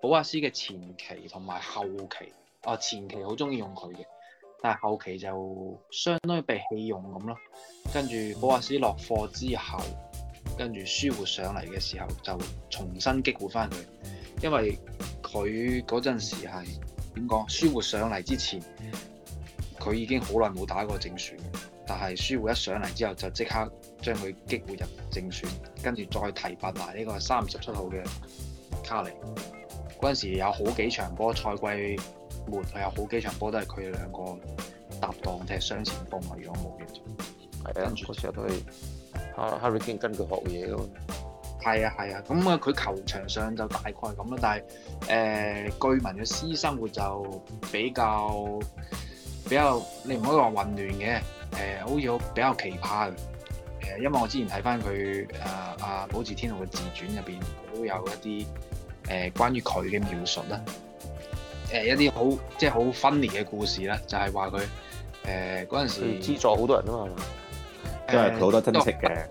保華斯嘅前期同埋後期，啊前期好中意用佢嘅，但係後期就相當於被棄用咁咯。跟住保華斯落課之後，跟住舒活上嚟嘅時候就重新激活翻佢，因為佢嗰陣時係點講，舒活上嚟之前。佢已經好耐冇打過正選，但係舒護一上嚟之後，就即刻將佢激活入正選，跟住再提拔埋呢、呢個三十七號嘅簡尼。嗰陣時有好幾場波賽季末，有好幾場波都係佢哋兩個搭檔踢雙前鋒啊，如果冇嘢做，係跟住嗰時候都係 Harry Kane 跟佢學嘢咯。係啊，係啊，咁啊，佢、啊啊、球場上就大概咁啦，但係誒，居、呃、民嘅私生活就比較。比較你唔可以話混亂嘅，誒、呃、好似比較奇葩嘅，誒、呃、因為我之前睇翻佢啊啊《保治天道》嘅自傳入邊、呃呃嗯就是呃呃，都有一啲誒關於佢嘅描述啦，誒一啲好即係好分裂嘅故事啦，就係話佢誒嗰陣時資助好多人啊嘛，因都佢好多親戚嘅。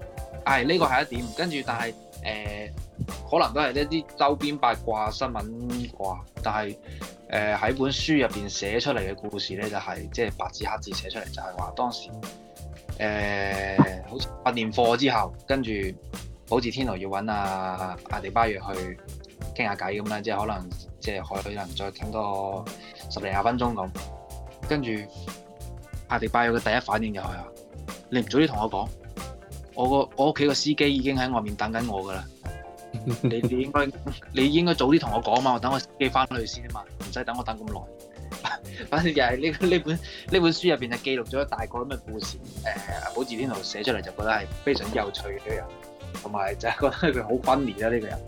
係呢、這個係一點，跟住但係誒、呃、可能都係一啲周邊八卦新聞啩，但係。誒、呃、喺本書入邊寫出嚟嘅故事咧，就係即係白紙黑字寫出嚟，就係、是、話當時誒好似訓練課之後，跟住好似天奴要揾阿、啊、艾迪拜約去傾下偈咁啦，即係可能即係可能再傾多十零廿分鐘咁，跟住艾迪拜約嘅第一反應就係、是、話：你唔早啲同我講，我個我屋企個司機已經喺外面等緊我㗎啦。你 你應該你應該早啲同我講嘛，我等我寄翻去先嘛，唔使等我等咁耐。 反正就係呢呢本呢本書入邊就記錄咗大概咁嘅故事，誒，好字典度寫出嚟就覺得係非常之有趣嘅一個人，同埋就係覺得佢好分裂啦呢個人。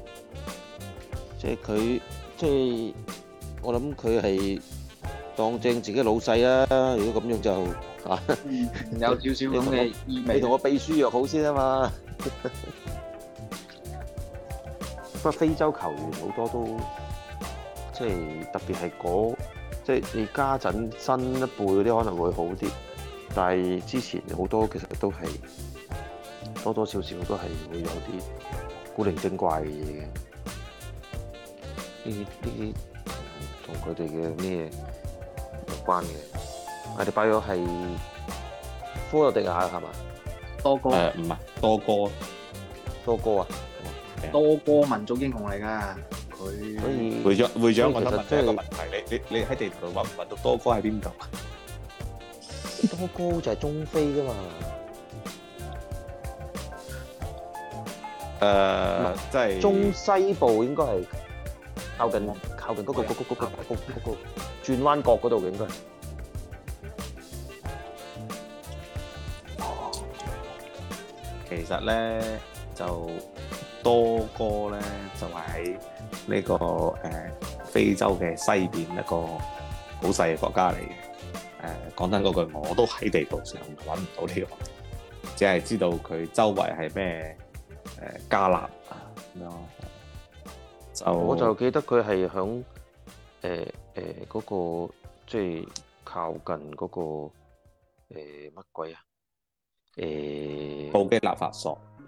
即係佢即係我諗佢係當正自己的老細啦，如果咁樣就嚇、啊、 有少少咁嘅意味 你。你同我秘書約好先啊嘛。 不，非洲球員好多都即係特別係嗰即係你家陣新一輩嗰啲可能會好啲，但係之前好多其實都係多多少少都係會有啲古靈精怪嘅嘢嘅，呢啲呢啲同佢哋嘅咩有關嘅。我哋拜約係科特迪瓦嘅係嘛？多哥係唔係？多哥多哥啊！多哥民族英雄嚟㗎，佢。會長會長，我想問一個問題，你你你喺地圖度揾唔揾到多哥喺邊度啊？多哥就係中非㗎嘛？誒，即係中西部應該係靠近靠近嗰個嗰個嗰個嗰個轉彎角嗰度嘅應該。其實咧就。多哥咧就係喺呢個誒、呃、非洲嘅西邊一個好細嘅國家嚟嘅。誒，講真嗰句我都喺地圖上揾唔到呢個，只係知道佢周圍係咩，誒加納啊咁樣，就我就記得佢係響誒誒嗰個即係、就是、靠近嗰、那個乜、呃、鬼啊誒布基納法索。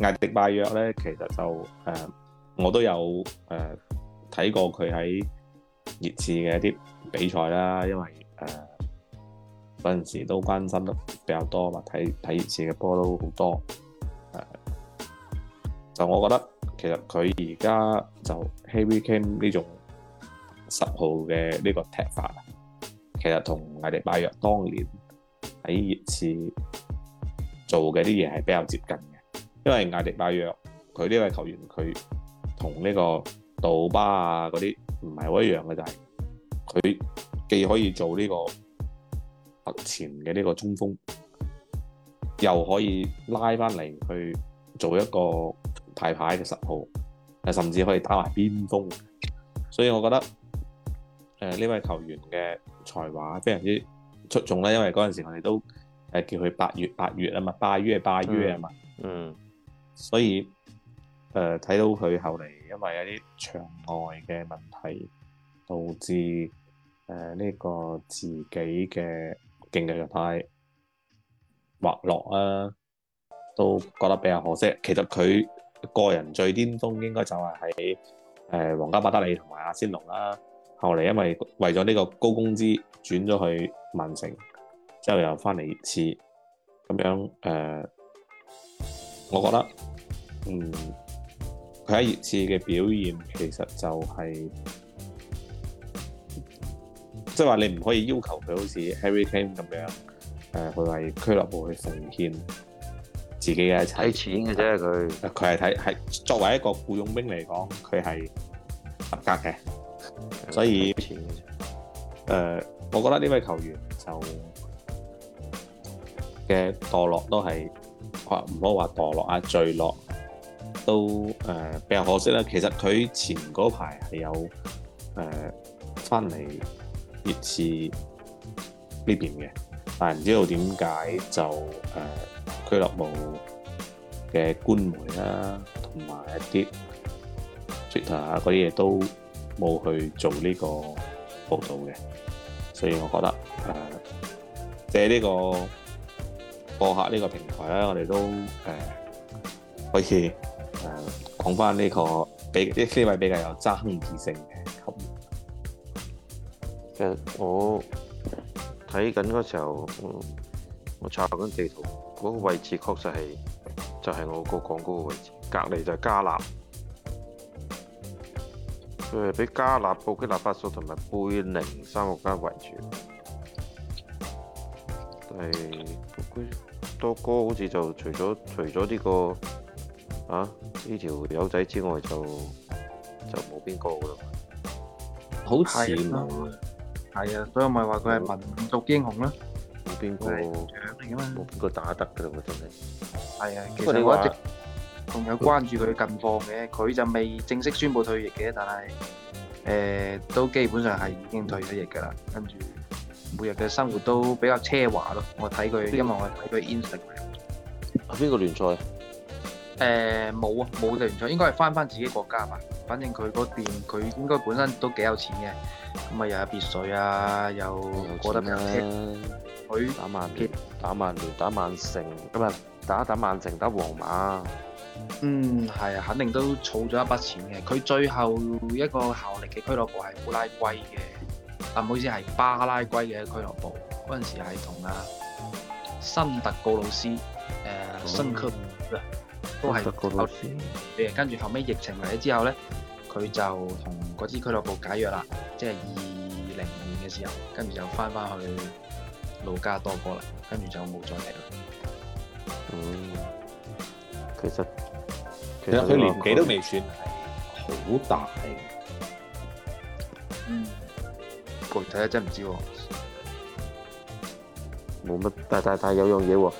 艾迪拜約呢，其實就誒、呃，我都有誒睇、呃、過佢喺熱刺嘅一啲比賽啦，因為誒嗰陣時都關心得比較多嘛，睇睇熱刺嘅波都好多。誒、呃，就我覺得其實佢而家就 Harry Kane 呢種十號嘅呢個踢法，其實同艾迪拜約當年喺熱刺做嘅啲嘢係比較接近的。因為艾迪拜約佢呢位球員，佢同呢個杜巴啊嗰啲唔係好一樣嘅，就係、是、佢既可以做呢個突前嘅呢個中鋒，又可以拉翻嚟去做一個大牌嘅十號，甚至可以打埋邊鋒。所以我覺得誒呢、呃、位球員嘅才華非常之出眾咧。因為嗰陣時候我哋都叫佢八月八月啊嘛，八月八月啊嘛，嗯。嗯所以，誒、呃、睇到佢後嚟，因為一啲場外嘅問題，導致誒呢、呃這個自己嘅競技狀態滑落啊，都覺得比較可惜。其實佢個人最巔峰應該就係喺誒皇家馬德里同埋阿仙奴啦，啊。後嚟因為為咗呢個高工資轉咗去曼城，之後又翻嚟熱刺。咁樣誒。呃我覺得，嗯，佢喺熱刺嘅表現其實就係、是，即係話你唔可以要求佢好似 Harry Kane 咁樣，誒、呃，佢為俱樂部去奉獻自己嘅一切。睇錢嘅啫，佢。佢係睇係作為一個僱傭兵嚟講，佢係合格嘅，所以，誒、呃，我覺得呢位球員就嘅墮落都係。話唔好話墮落啊，墜落都誒比較可惜啦。其實佢前嗰排係有誒翻嚟熱刺呢邊嘅，但唔知道點解就誒、呃、俱樂部嘅官媒啦同埋一啲 Twitter 啊嗰啲嘢都冇去做呢個報導嘅，所以我覺得誒、呃、借呢、呢個。播客呢個平台咧，我哋都誒可以誒講返呢個比啲，呢位比較有爭議性嘅。其實我睇緊嗰時候，我我查緊地圖，嗰、那個位置確實係就係、是、我個講嗰個位置，隔離就係加納，誒俾加，加納、布基納法索同埋貝寧三個國家圍住。第多哥好似就除咗除咗呢個啊呢條友仔之外就就冇邊個噶咯好前咯，係啊，所以咪話佢係民族英雄啦，冇邊個，冇邊個打得噶啦真係，係啊，其實我一直仲有關注佢近況嘅，佢就未正式宣布退役嘅，但係誒都基本上係已經退咗役噶啦跟住。每日嘅生活都比較奢華咯。我睇佢因為我睇佢 Instagram。邊個聯賽？冇、呃、啊，冇嘅聯賽應該係翻翻自己國家吧。反正佢嗰邊佢應該本身都幾有錢嘅，咁啊又有別墅啊，又過得比較奢。佢打曼聯，打曼聯，打曼城，咁日打曼城打曼城，打皇馬。嗯，係啊，肯定都儲咗一筆錢嘅。佢最後一個效力嘅俱樂部係烏拉圭嘅。啊，唔好意思，係巴拉圭嘅俱樂部，嗰陣時係同啊、嗯、新特高老師，誒、呃，新俱樂部都係特高老師。誒，跟住後尾疫情嚟咗之後咧，佢就同嗰支俱樂部解約啦，即係二零年嘅時候，跟住就翻翻去老家多哥啦，跟住就冇再嚟啦。嗯，其實其實佢年紀都未算好大。嗯。睇下，真唔知喎，冇乜，但但但有樣嘢喎、啊，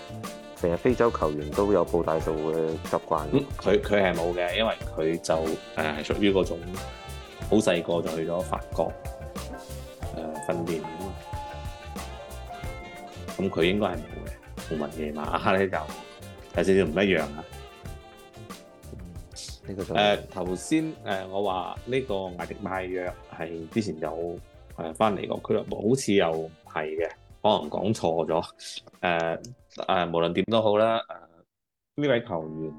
成日非洲球員都有報大數嘅習慣。佢佢係冇嘅，因為佢就誒係、呃、屬於嗰種好細個就去咗法國誒、呃、訓練咁，咁、嗯、佢應該係冇嘅。同文夜馬咧就少少唔一樣啊。呢個誒頭先誒我話呢個艾迪拜約係之前有。係翻嚟個俱樂部，好似又唔係嘅，可能講錯咗。誒、呃、誒、呃，無論點都好啦。誒、呃、呢位球員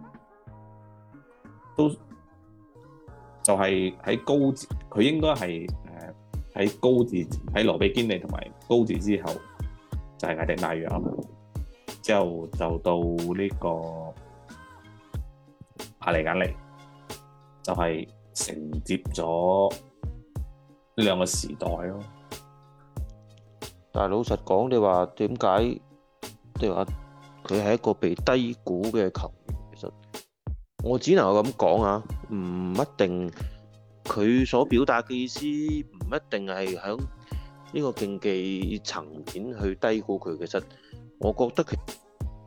都就係喺高佢應該係誒喺高治喺羅比堅尼同埋高治之後，就係艾迪拜約，之後就，後就到呢個阿利簡尼，就係承接咗。呢兩個時代咯，但係老實講，你話點解？你話佢係一個被低估嘅球員，其實我只能夠咁講啊，唔一定佢所表達嘅意思，唔一定係喺呢個競技層面去低估佢。其實我覺得其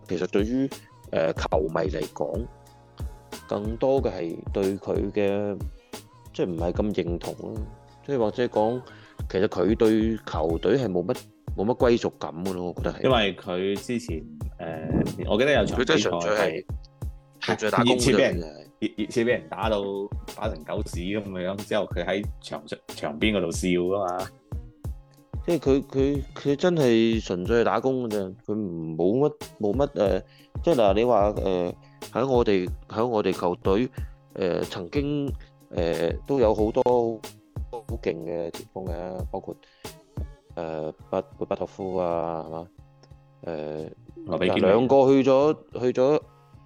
其實對於誒球迷嚟講，更多嘅係對佢嘅即係唔係咁認同咯。即係或者講，其實佢對球隊係冇乜冇乜歸屬感嘅咯，我覺得係。因為佢之前誒、呃，我記得有場佢真係純粹係熱刺俾人熱熱刺俾人打到打成狗屎咁樣，之後佢喺場場邊嗰度笑啊嘛。即係佢佢佢真係純粹係打工嘅啫，佢冇乜冇乜誒，即係嗱你話誒喺我哋喺我哋球隊誒、呃、曾經誒、呃、都有好多。好勁嘅前鋒嘅，包括誒巴巴托夫啊，係嘛？誒，兩個去咗去咗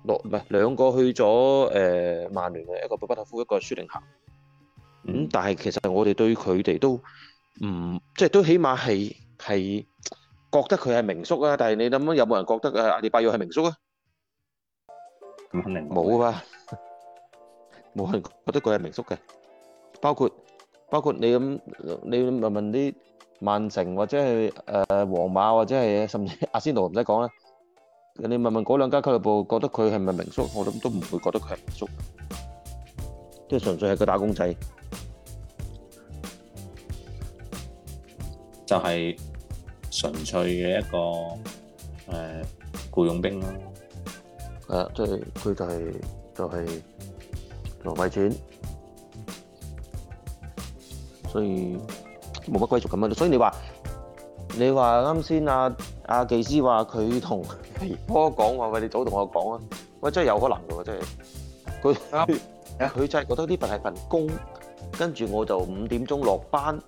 落唔係兩個去咗誒曼聯嘅一個巴巴托夫，一個舒寧咸。咁但係其實我哋對佢哋都唔即係都起碼係係覺得佢係名宿啊。但係你諗下有冇人覺得艾迪拜約係名宿啊？咁肯定冇啊，冇人覺得佢係名宿嘅，包括。包括你咁，你問問啲曼城或者係誒皇馬或者係甚至阿仙奴唔使講啦，你問問嗰兩家俱樂部，覺得佢係咪名宿？我諗都唔會覺得佢係名宿，即係純粹係個打工仔，就係純粹嘅一個誒僱傭兵咯。誒，即係佢就係就係浪費錢。所以冇乜歸屬感咯。所以你，你、啊啊、話，你話啱先阿啊技師話佢同皮波講話，佢你早同我講啊。喂，真係有可能嘅喎，即係佢佢就係覺得呢份係份工。跟住我就五點鐘落班。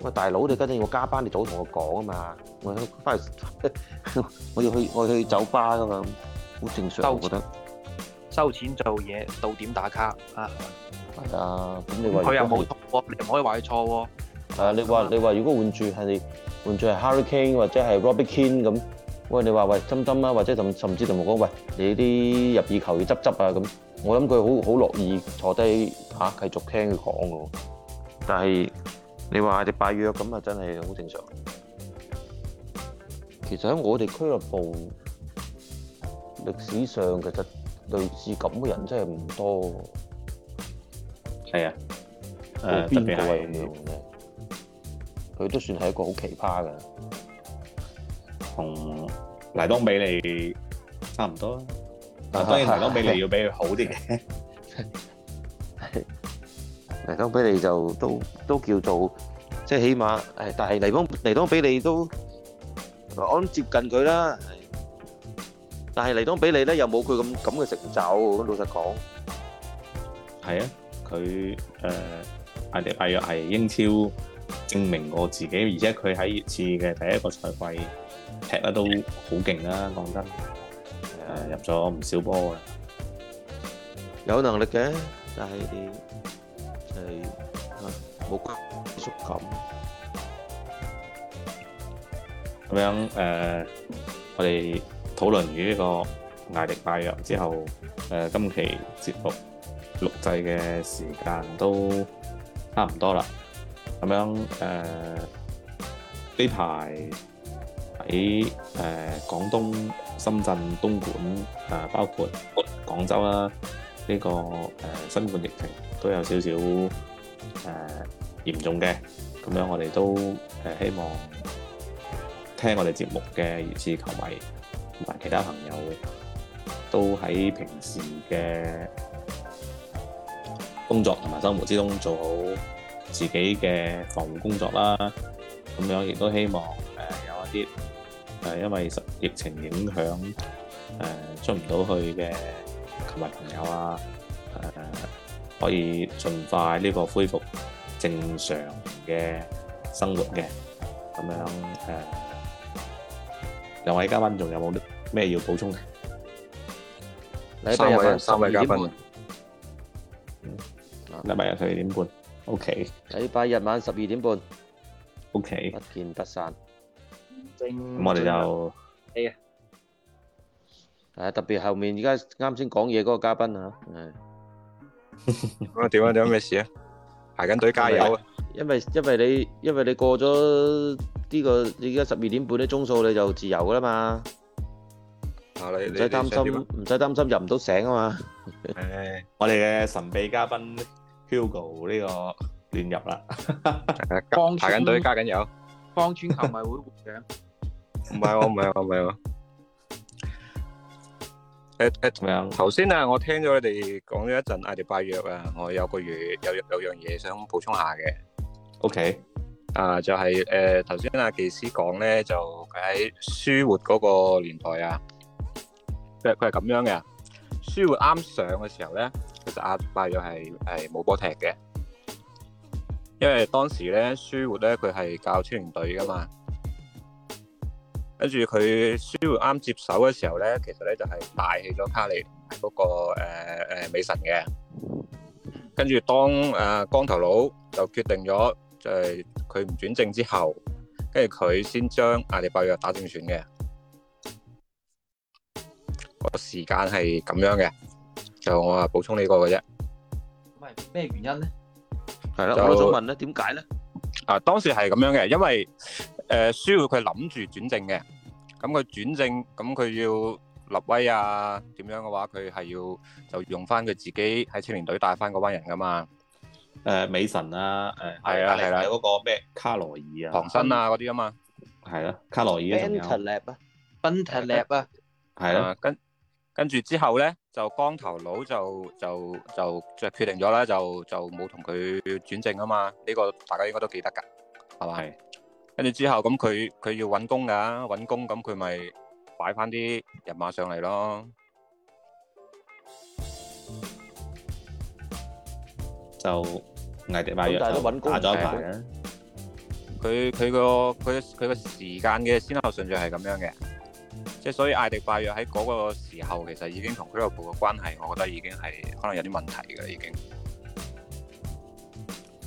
喂、啊，大佬你跟住我加班，你早同我講啊嘛。我翻去我要去我要去酒吧㗎嘛，好正常。收錢我覺得收錢做嘢到點打卡啊！ 係、哎、啊，咁你話佢又冇錯喎，你唔可以話佢錯喎。係啊，你話、啊啊、你話，啊、你如果換住係你換住係 Harry Kane 或者係 Robbie Keane 咁，喂，你話喂針針啊，或者甚甚至同我講，喂你啲入耳球要執執啊咁，我諗佢好好樂意坐低吓、啊、繼續聽佢講噶。但係你話你拜約咁啊，真係好正常。其實喺我哋俱樂部歷史上，其實類似咁嘅人真係唔多。係啊，特別係佢都算係一個好奇葩，㗎，同尼東比利差唔多。當然尼東比利要比佢好啲嘅，尼東比利就都都叫做即係起碼誒，但係尼東尼東比利都我諗接近佢啦。但係尼東比利咧又冇佢咁咁嘅成就，老實講係啊。佢誒、呃、艾迪拜約係英超證明我自己，而且佢喺熱刺嘅第一個賽季踢得都好勁啦，講真誒入咗唔少波嘅。有能力嘅，但係誒冇手感。咁樣誒、呃，我哋討論完呢個艾迪拜約之後，誒、呃、今期節目錄製嘅時間都差唔多喇，咁樣，呃、呢排喺廣東、深圳、東莞、呃、包括廣州啦，呢、呢個、呃、新冠疫情都有少少、呃、嚴重嘅，咁樣我哋都希望聽我哋節目嘅熱刺球迷同埋其他朋友都喺平時嘅。工作同埋生活之中做好自己嘅防護工作啦，咁樣亦都希望誒有一啲誒，因為疫情影響誒出唔到去嘅，琴日朋友啊誒，可以盡快呢個恢復正常嘅生活嘅，咁樣誒、呃、兩位嘉賓仲有冇啲咩要補充嘅？三位，三位嘉賓。禮拜日十二點半，OK。禮拜日晚十二點半，OK。不見不散。我哋就係啊，特別後面而家啱先講嘢嗰個嘉賓啊，係。點樣啊？做咩事啊？排緊隊加油啊！因為因為你因為你過咗呢個，你而家十二點半啲鐘數，你就自由噶啦嘛。唔使擔心，唔使擔心入唔到醒啊嘛。我哋嘅神秘嘉賓。Hugo 呢個亂入啦，排緊隊加緊油，芳村球迷會會長，唔係喎唔係喎唔係喎，誒誒、啊，頭先啊、， yeah. 啊，我聽咗你哋講咗一陣艾迪拜約啊，我有個月有有樣嘢想補充下嘅，OK，啊就係誒頭先阿技師講呢，就喺舒活嗰個年代啊，佢佢係咁樣嘅。舒活啱上嘅時候呢，其實艾迪拜約係冇波踢嘅，因為當時咧舒活咧佢係教青年隊㗎嘛，跟住佢舒活啱接手嘅時候呢，其實咧就係帶起咗卡利，係嗰個美神嘅，跟住當誒光頭佬就決定咗就係佢唔轉正之後，跟住佢先將艾迪拜約打正選嘅。時間係咁樣嘅，就我啊補充呢個嘅啫。咁係咩原因咧？係啦，我都想問咧，點解咧？啊，當時係咁樣嘅，因為誒，需要佢諗住轉正嘅。咁佢轉正，咁佢要立威啊？點樣嘅話，佢係要就用翻佢自己喺青年隊帶翻嗰班人噶嘛？誒、呃，美神啊，誒、呃，係啊，係啦、啊，嗰個咩卡羅爾啊，唐森啊嗰啲啊嘛。係、嗯、咯、啊，卡羅爾。Bentaleb 啊，Bentaleb 啊，係咯、啊啊啊，跟。跟住之後咧，就光頭佬就就就就決定咗啦，就就冇同佢轉正啊嘛。呢個大家應該都記得㗎，係咪？跟住之後咁，佢佢要揾工㗎，揾工咁佢咪擺翻啲人馬上嚟咯。就艾迪拜約打咗一排啦。佢佢個佢佢個時間嘅先後順序係咁樣嘅。即所以艾迪拜約喺嗰個時候，其實已經同俱樂部嘅關係，我覺得已經係可能有啲問題嘅已經。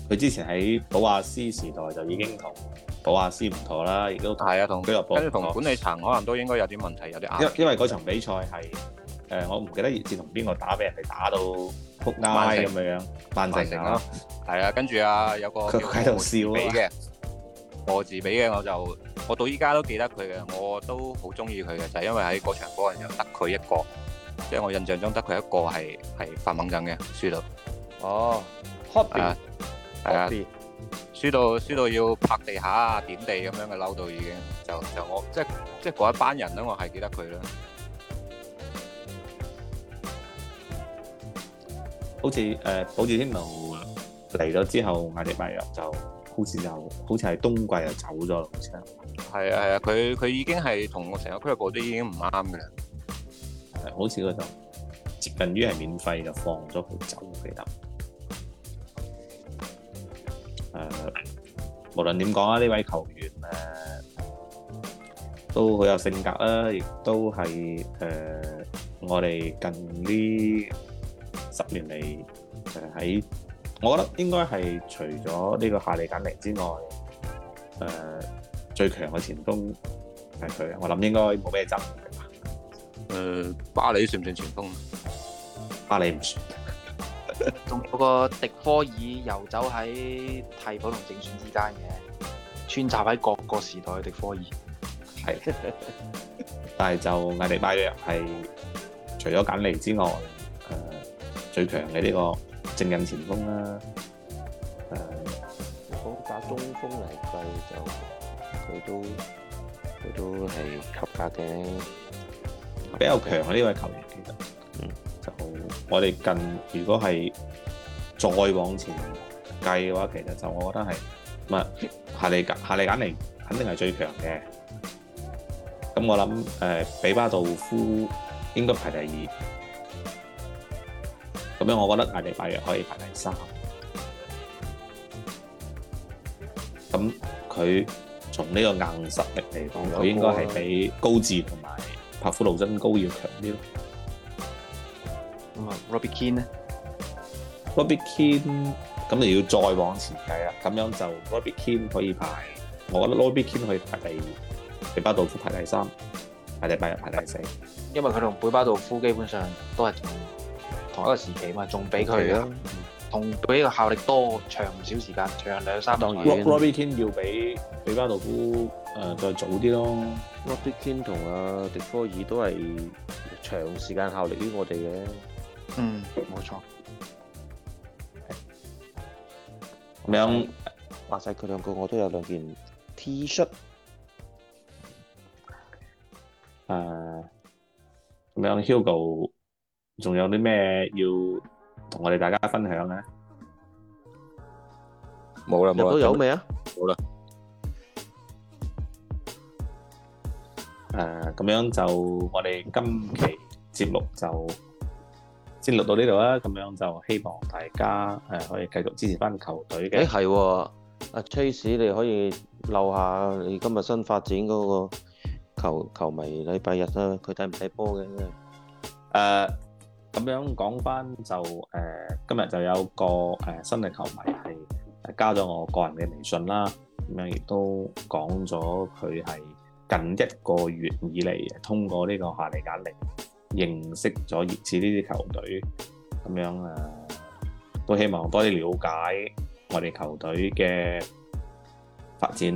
佢之前喺保亞斯時代就已經同保亞斯唔妥啦，亦都係啊，同俱樂部跟住同管理層可能都應該有啲問題，有啲拗。因因為嗰場比賽係誒、呃，我唔記得熱刺同邊個打，俾人哋打到撲街咁樣，曼城曼城啊，係啊，跟住啊有個佢喺度笑嘅。 我自俾嘅我就，我到依家都記得佢嘅，我都好中意佢嘅，就係、是、因為喺嗰場波入又得佢一個，即、就、係、是、我印象中得佢一個係係發猛震嘅，輸到。哦 h o p 係啊，輸到輸到要拍地下啊、點地咁樣嘅嬲到已經，就就我即係即係嗰一班人咧，我係記得佢啦。好似誒、呃，保捷天奴嚟嚟咗之後，我哋班人就。好似又好似係冬季就走咗咯，好似係。係啊係啊，佢佢已經係同成個俱樂部都已經唔啱嘅。係、嗯，好似嗰種接近於係免費就放咗佢走，記得。誒，無論點講啊，呢位球員誒、嗯，都好有性格啦，亦都係誒、嗯，我哋近呢十年嚟誒喺。我覺得應該係除咗呢個夏利簡尼之外，誒、呃、最強嘅前鋒係佢。我諗應該冇咩爭議。誒、呃、巴黎算唔算前鋒？巴黎唔算。仲 有個迪科爾遊走喺替補同正選之間嘅，穿插喺各個時代的迪科爾係 。但係就艾迪拜約係除咗簡尼之外，誒、呃、最強嘅呢個。正印前鋒啦，誒，如果打中鋒嚟計就佢都佢都係及格嘅，比較強呢位球員其實，就我哋近如果係再往前計嘅話，其實就我覺得係乜夏利夏利簡尼肯定係最強嘅，咁我諗誒比巴杜夫應該排第二。咁樣，我覺得艾迪拜約可以排第三。咁佢從呢個硬實力嚟講，佢應該係比高治同埋帕夫路贊高要強啲咯。咁啊，Robbie Keane 咧，Robbie Keane，咁你要再往前計啦。咁樣就 Robbie Keane 可以排，我覺得 Robbie Keane 可以排第二，比巴道夫排第三，艾迪拜約排第四。因為佢同貝巴道夫基本上都係。一、哦那個時期嘛，仲比佢咯，同比個效力多長唔少時間，長兩三個。羅比天要比比巴杜夫誒、嗯嗯，再早啲咯。羅比天同阿迪科爾都係長時間效力於我哋嘅。嗯，冇錯。咁樣話晒佢兩個，我都有兩件 T 恤、嗯。誒、嗯，咁樣 Hugo。仲有啲咩要同我哋大家分享咧？冇啦，冇有咩啊？冇啦。誒，咁樣就我哋今期節目就先錄到呢度啦。咁樣就希望大家誒可以繼續支持翻球隊嘅。誒，係阿 Chase，你可以留下你今日新發展嗰個球球迷禮拜日啦，佢睇唔睇波嘅？誒。咁樣講翻就誒、呃，今日就有一個誒、呃、新嘅球迷係加咗我個人嘅微信啦。咁樣亦都講咗佢係近一個月以嚟通過呢個喜馬拉雅認識咗熱刺呢啲球隊。咁樣誒、呃、都希望多啲了解我哋球隊嘅發展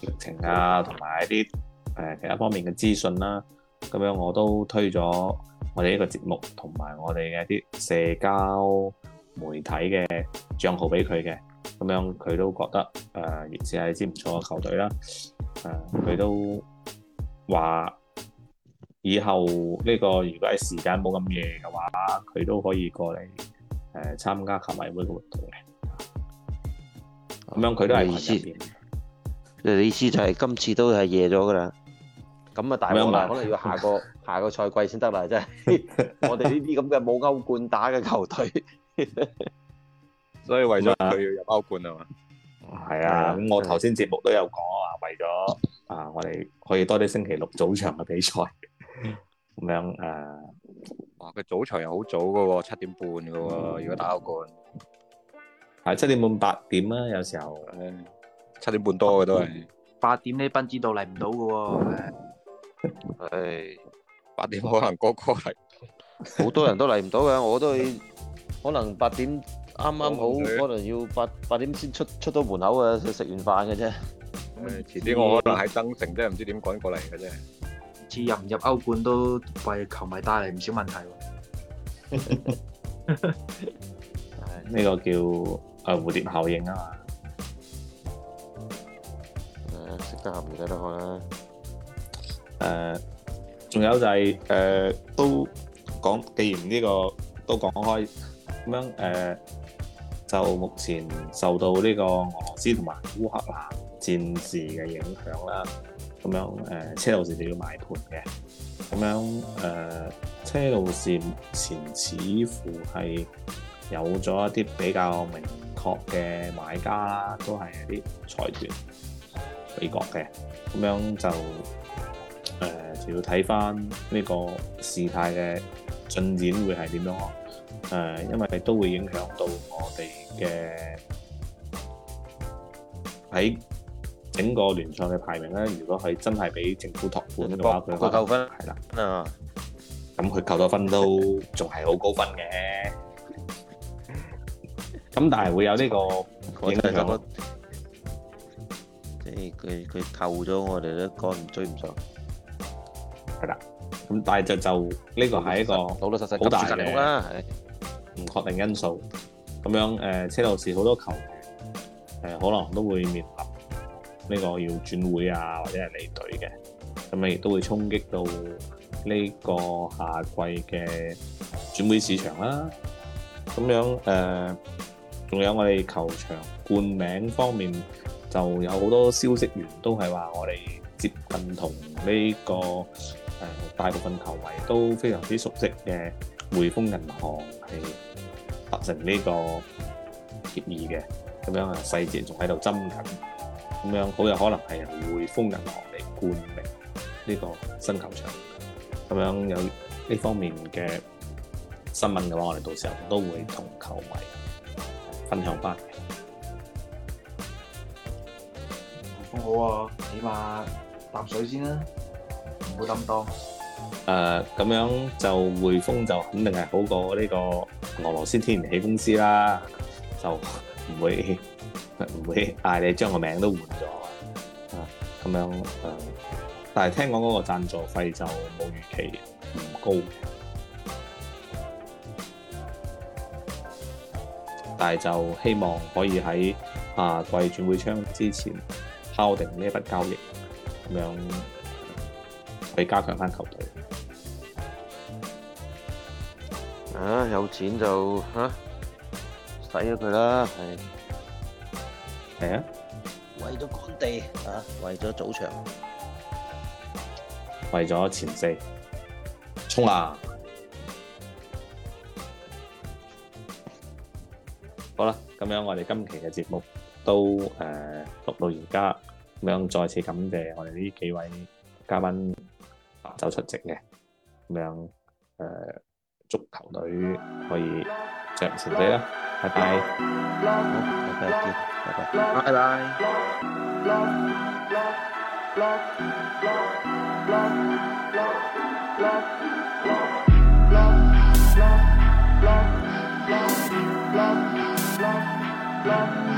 歷程啊，同埋一啲誒、呃、其他方面嘅資訊啦、啊。咁樣我都推咗。我哋呢個節目同埋我哋嘅啲社交媒體嘅帳號俾佢嘅，咁樣佢都覺得誒，亦係一支唔錯嘅球隊啦。誒、呃，佢都話以後呢、呢個如果係時間冇咁夜嘅話，佢都可以過嚟誒、呃、參加球迷會嘅活動嘅。咁樣佢都係、啊、意思，你意思就係今次都係夜咗噶啦。咁啊，大約可能要下個。 下個賽季先得啦，真係我哋呢啲咁嘅冇歐冠打嘅球隊， 所以為咗佢要入歐冠啊嘛。係啊，咁、嗯啊、我頭先節目都有講啊，為咗啊，我哋可以多啲星期六早場嘅比賽，咁樣誒、啊，哇，佢早場又好早嘅喎，七點半嘅喎。嗯，如果打歐冠，係七點半八點啦，有時候七點半多嘅都係八點，你斌知道嚟唔到嘅喎， 哎八點可能個個係，好多人都嚟唔到嘅，我都可能八點啱啱好，可能要八八點先出出到門口嘅，食完飯嘅啫。咁啊，遲啲我可能喺增城，都係唔知點趕過嚟嘅啫。次入唔入歐冠都為球迷帶嚟唔少問題。係呢個叫誒蝴蝶效應啊嘛。啊，識得行就得啦。誒。仲有就係、是、誒、呃、都講，既然呢、這個都講開咁樣誒、呃，就目前受到呢個俄羅斯同埋烏克蘭戰事嘅影響啦，咁樣誒、呃、車路士就要買盤嘅，咁樣誒、呃、車路士前似乎係有咗一啲比較明確嘅買家啦，都係啲財團美國嘅，咁樣就。誒、呃，就要睇翻呢個事態嘅進展會係點樣咯。誒、呃，因為都會影響到我哋嘅喺整個聯賽嘅排名咧。如果係真係俾政府託管嘅話，佢扣分係啦。咁佢、啊、扣咗分都仲係好高分嘅。咁 但係會有呢個影響。即係佢佢扣咗，我哋都趕追唔上。係啦，咁但係就就呢、這個係一個老老實實好大嘅唔確定因素。咁樣誒、呃，車路士好多球員誒、呃，可能都會面臨呢個要轉會啊，或者係離隊嘅。咁咪亦都會衝擊到呢個夏季嘅轉會市場啦、啊。咁樣誒，仲、呃、有我哋球場冠名方面就有好多消息源都係話，我哋接近同呢、這個，誒，大部分球迷都非常之熟悉嘅匯豐銀行係達成呢個協議嘅，咁樣啊，細節仲喺度斟緊，咁樣好有可能係由匯豐銀行嚟冠名呢個新球場。咁樣有呢方面嘅新聞嘅話，我哋到時候都會同球迷分享翻。匯、嗯、豐好啊，起碼搭水先啦、啊、～唔會咁多。誒、呃，咁樣就匯豐就肯定係好過呢個俄羅斯天然氣公司啦。就唔會唔會嗌你將個名都換咗。啊，咁樣。誒、呃，但係聽講嗰個贊助費就冇預期唔高。但係就希望可以喺下季轉會窗之前敲定呢筆交易。咁樣。可以加強翻球隊。啊，有錢就啊使咗佢啦，係係啊，為咗干地啊，為咗早場，為咗前四，衝啦！好啦，咁樣我哋今期嘅節目都誒錄到而家，咁樣再次感謝我哋呢幾位嘉賓。走出席嘅，咁樣，誒，足球隊可以着成隊啦，拜拜，拜拜見，拜拜，拜拜。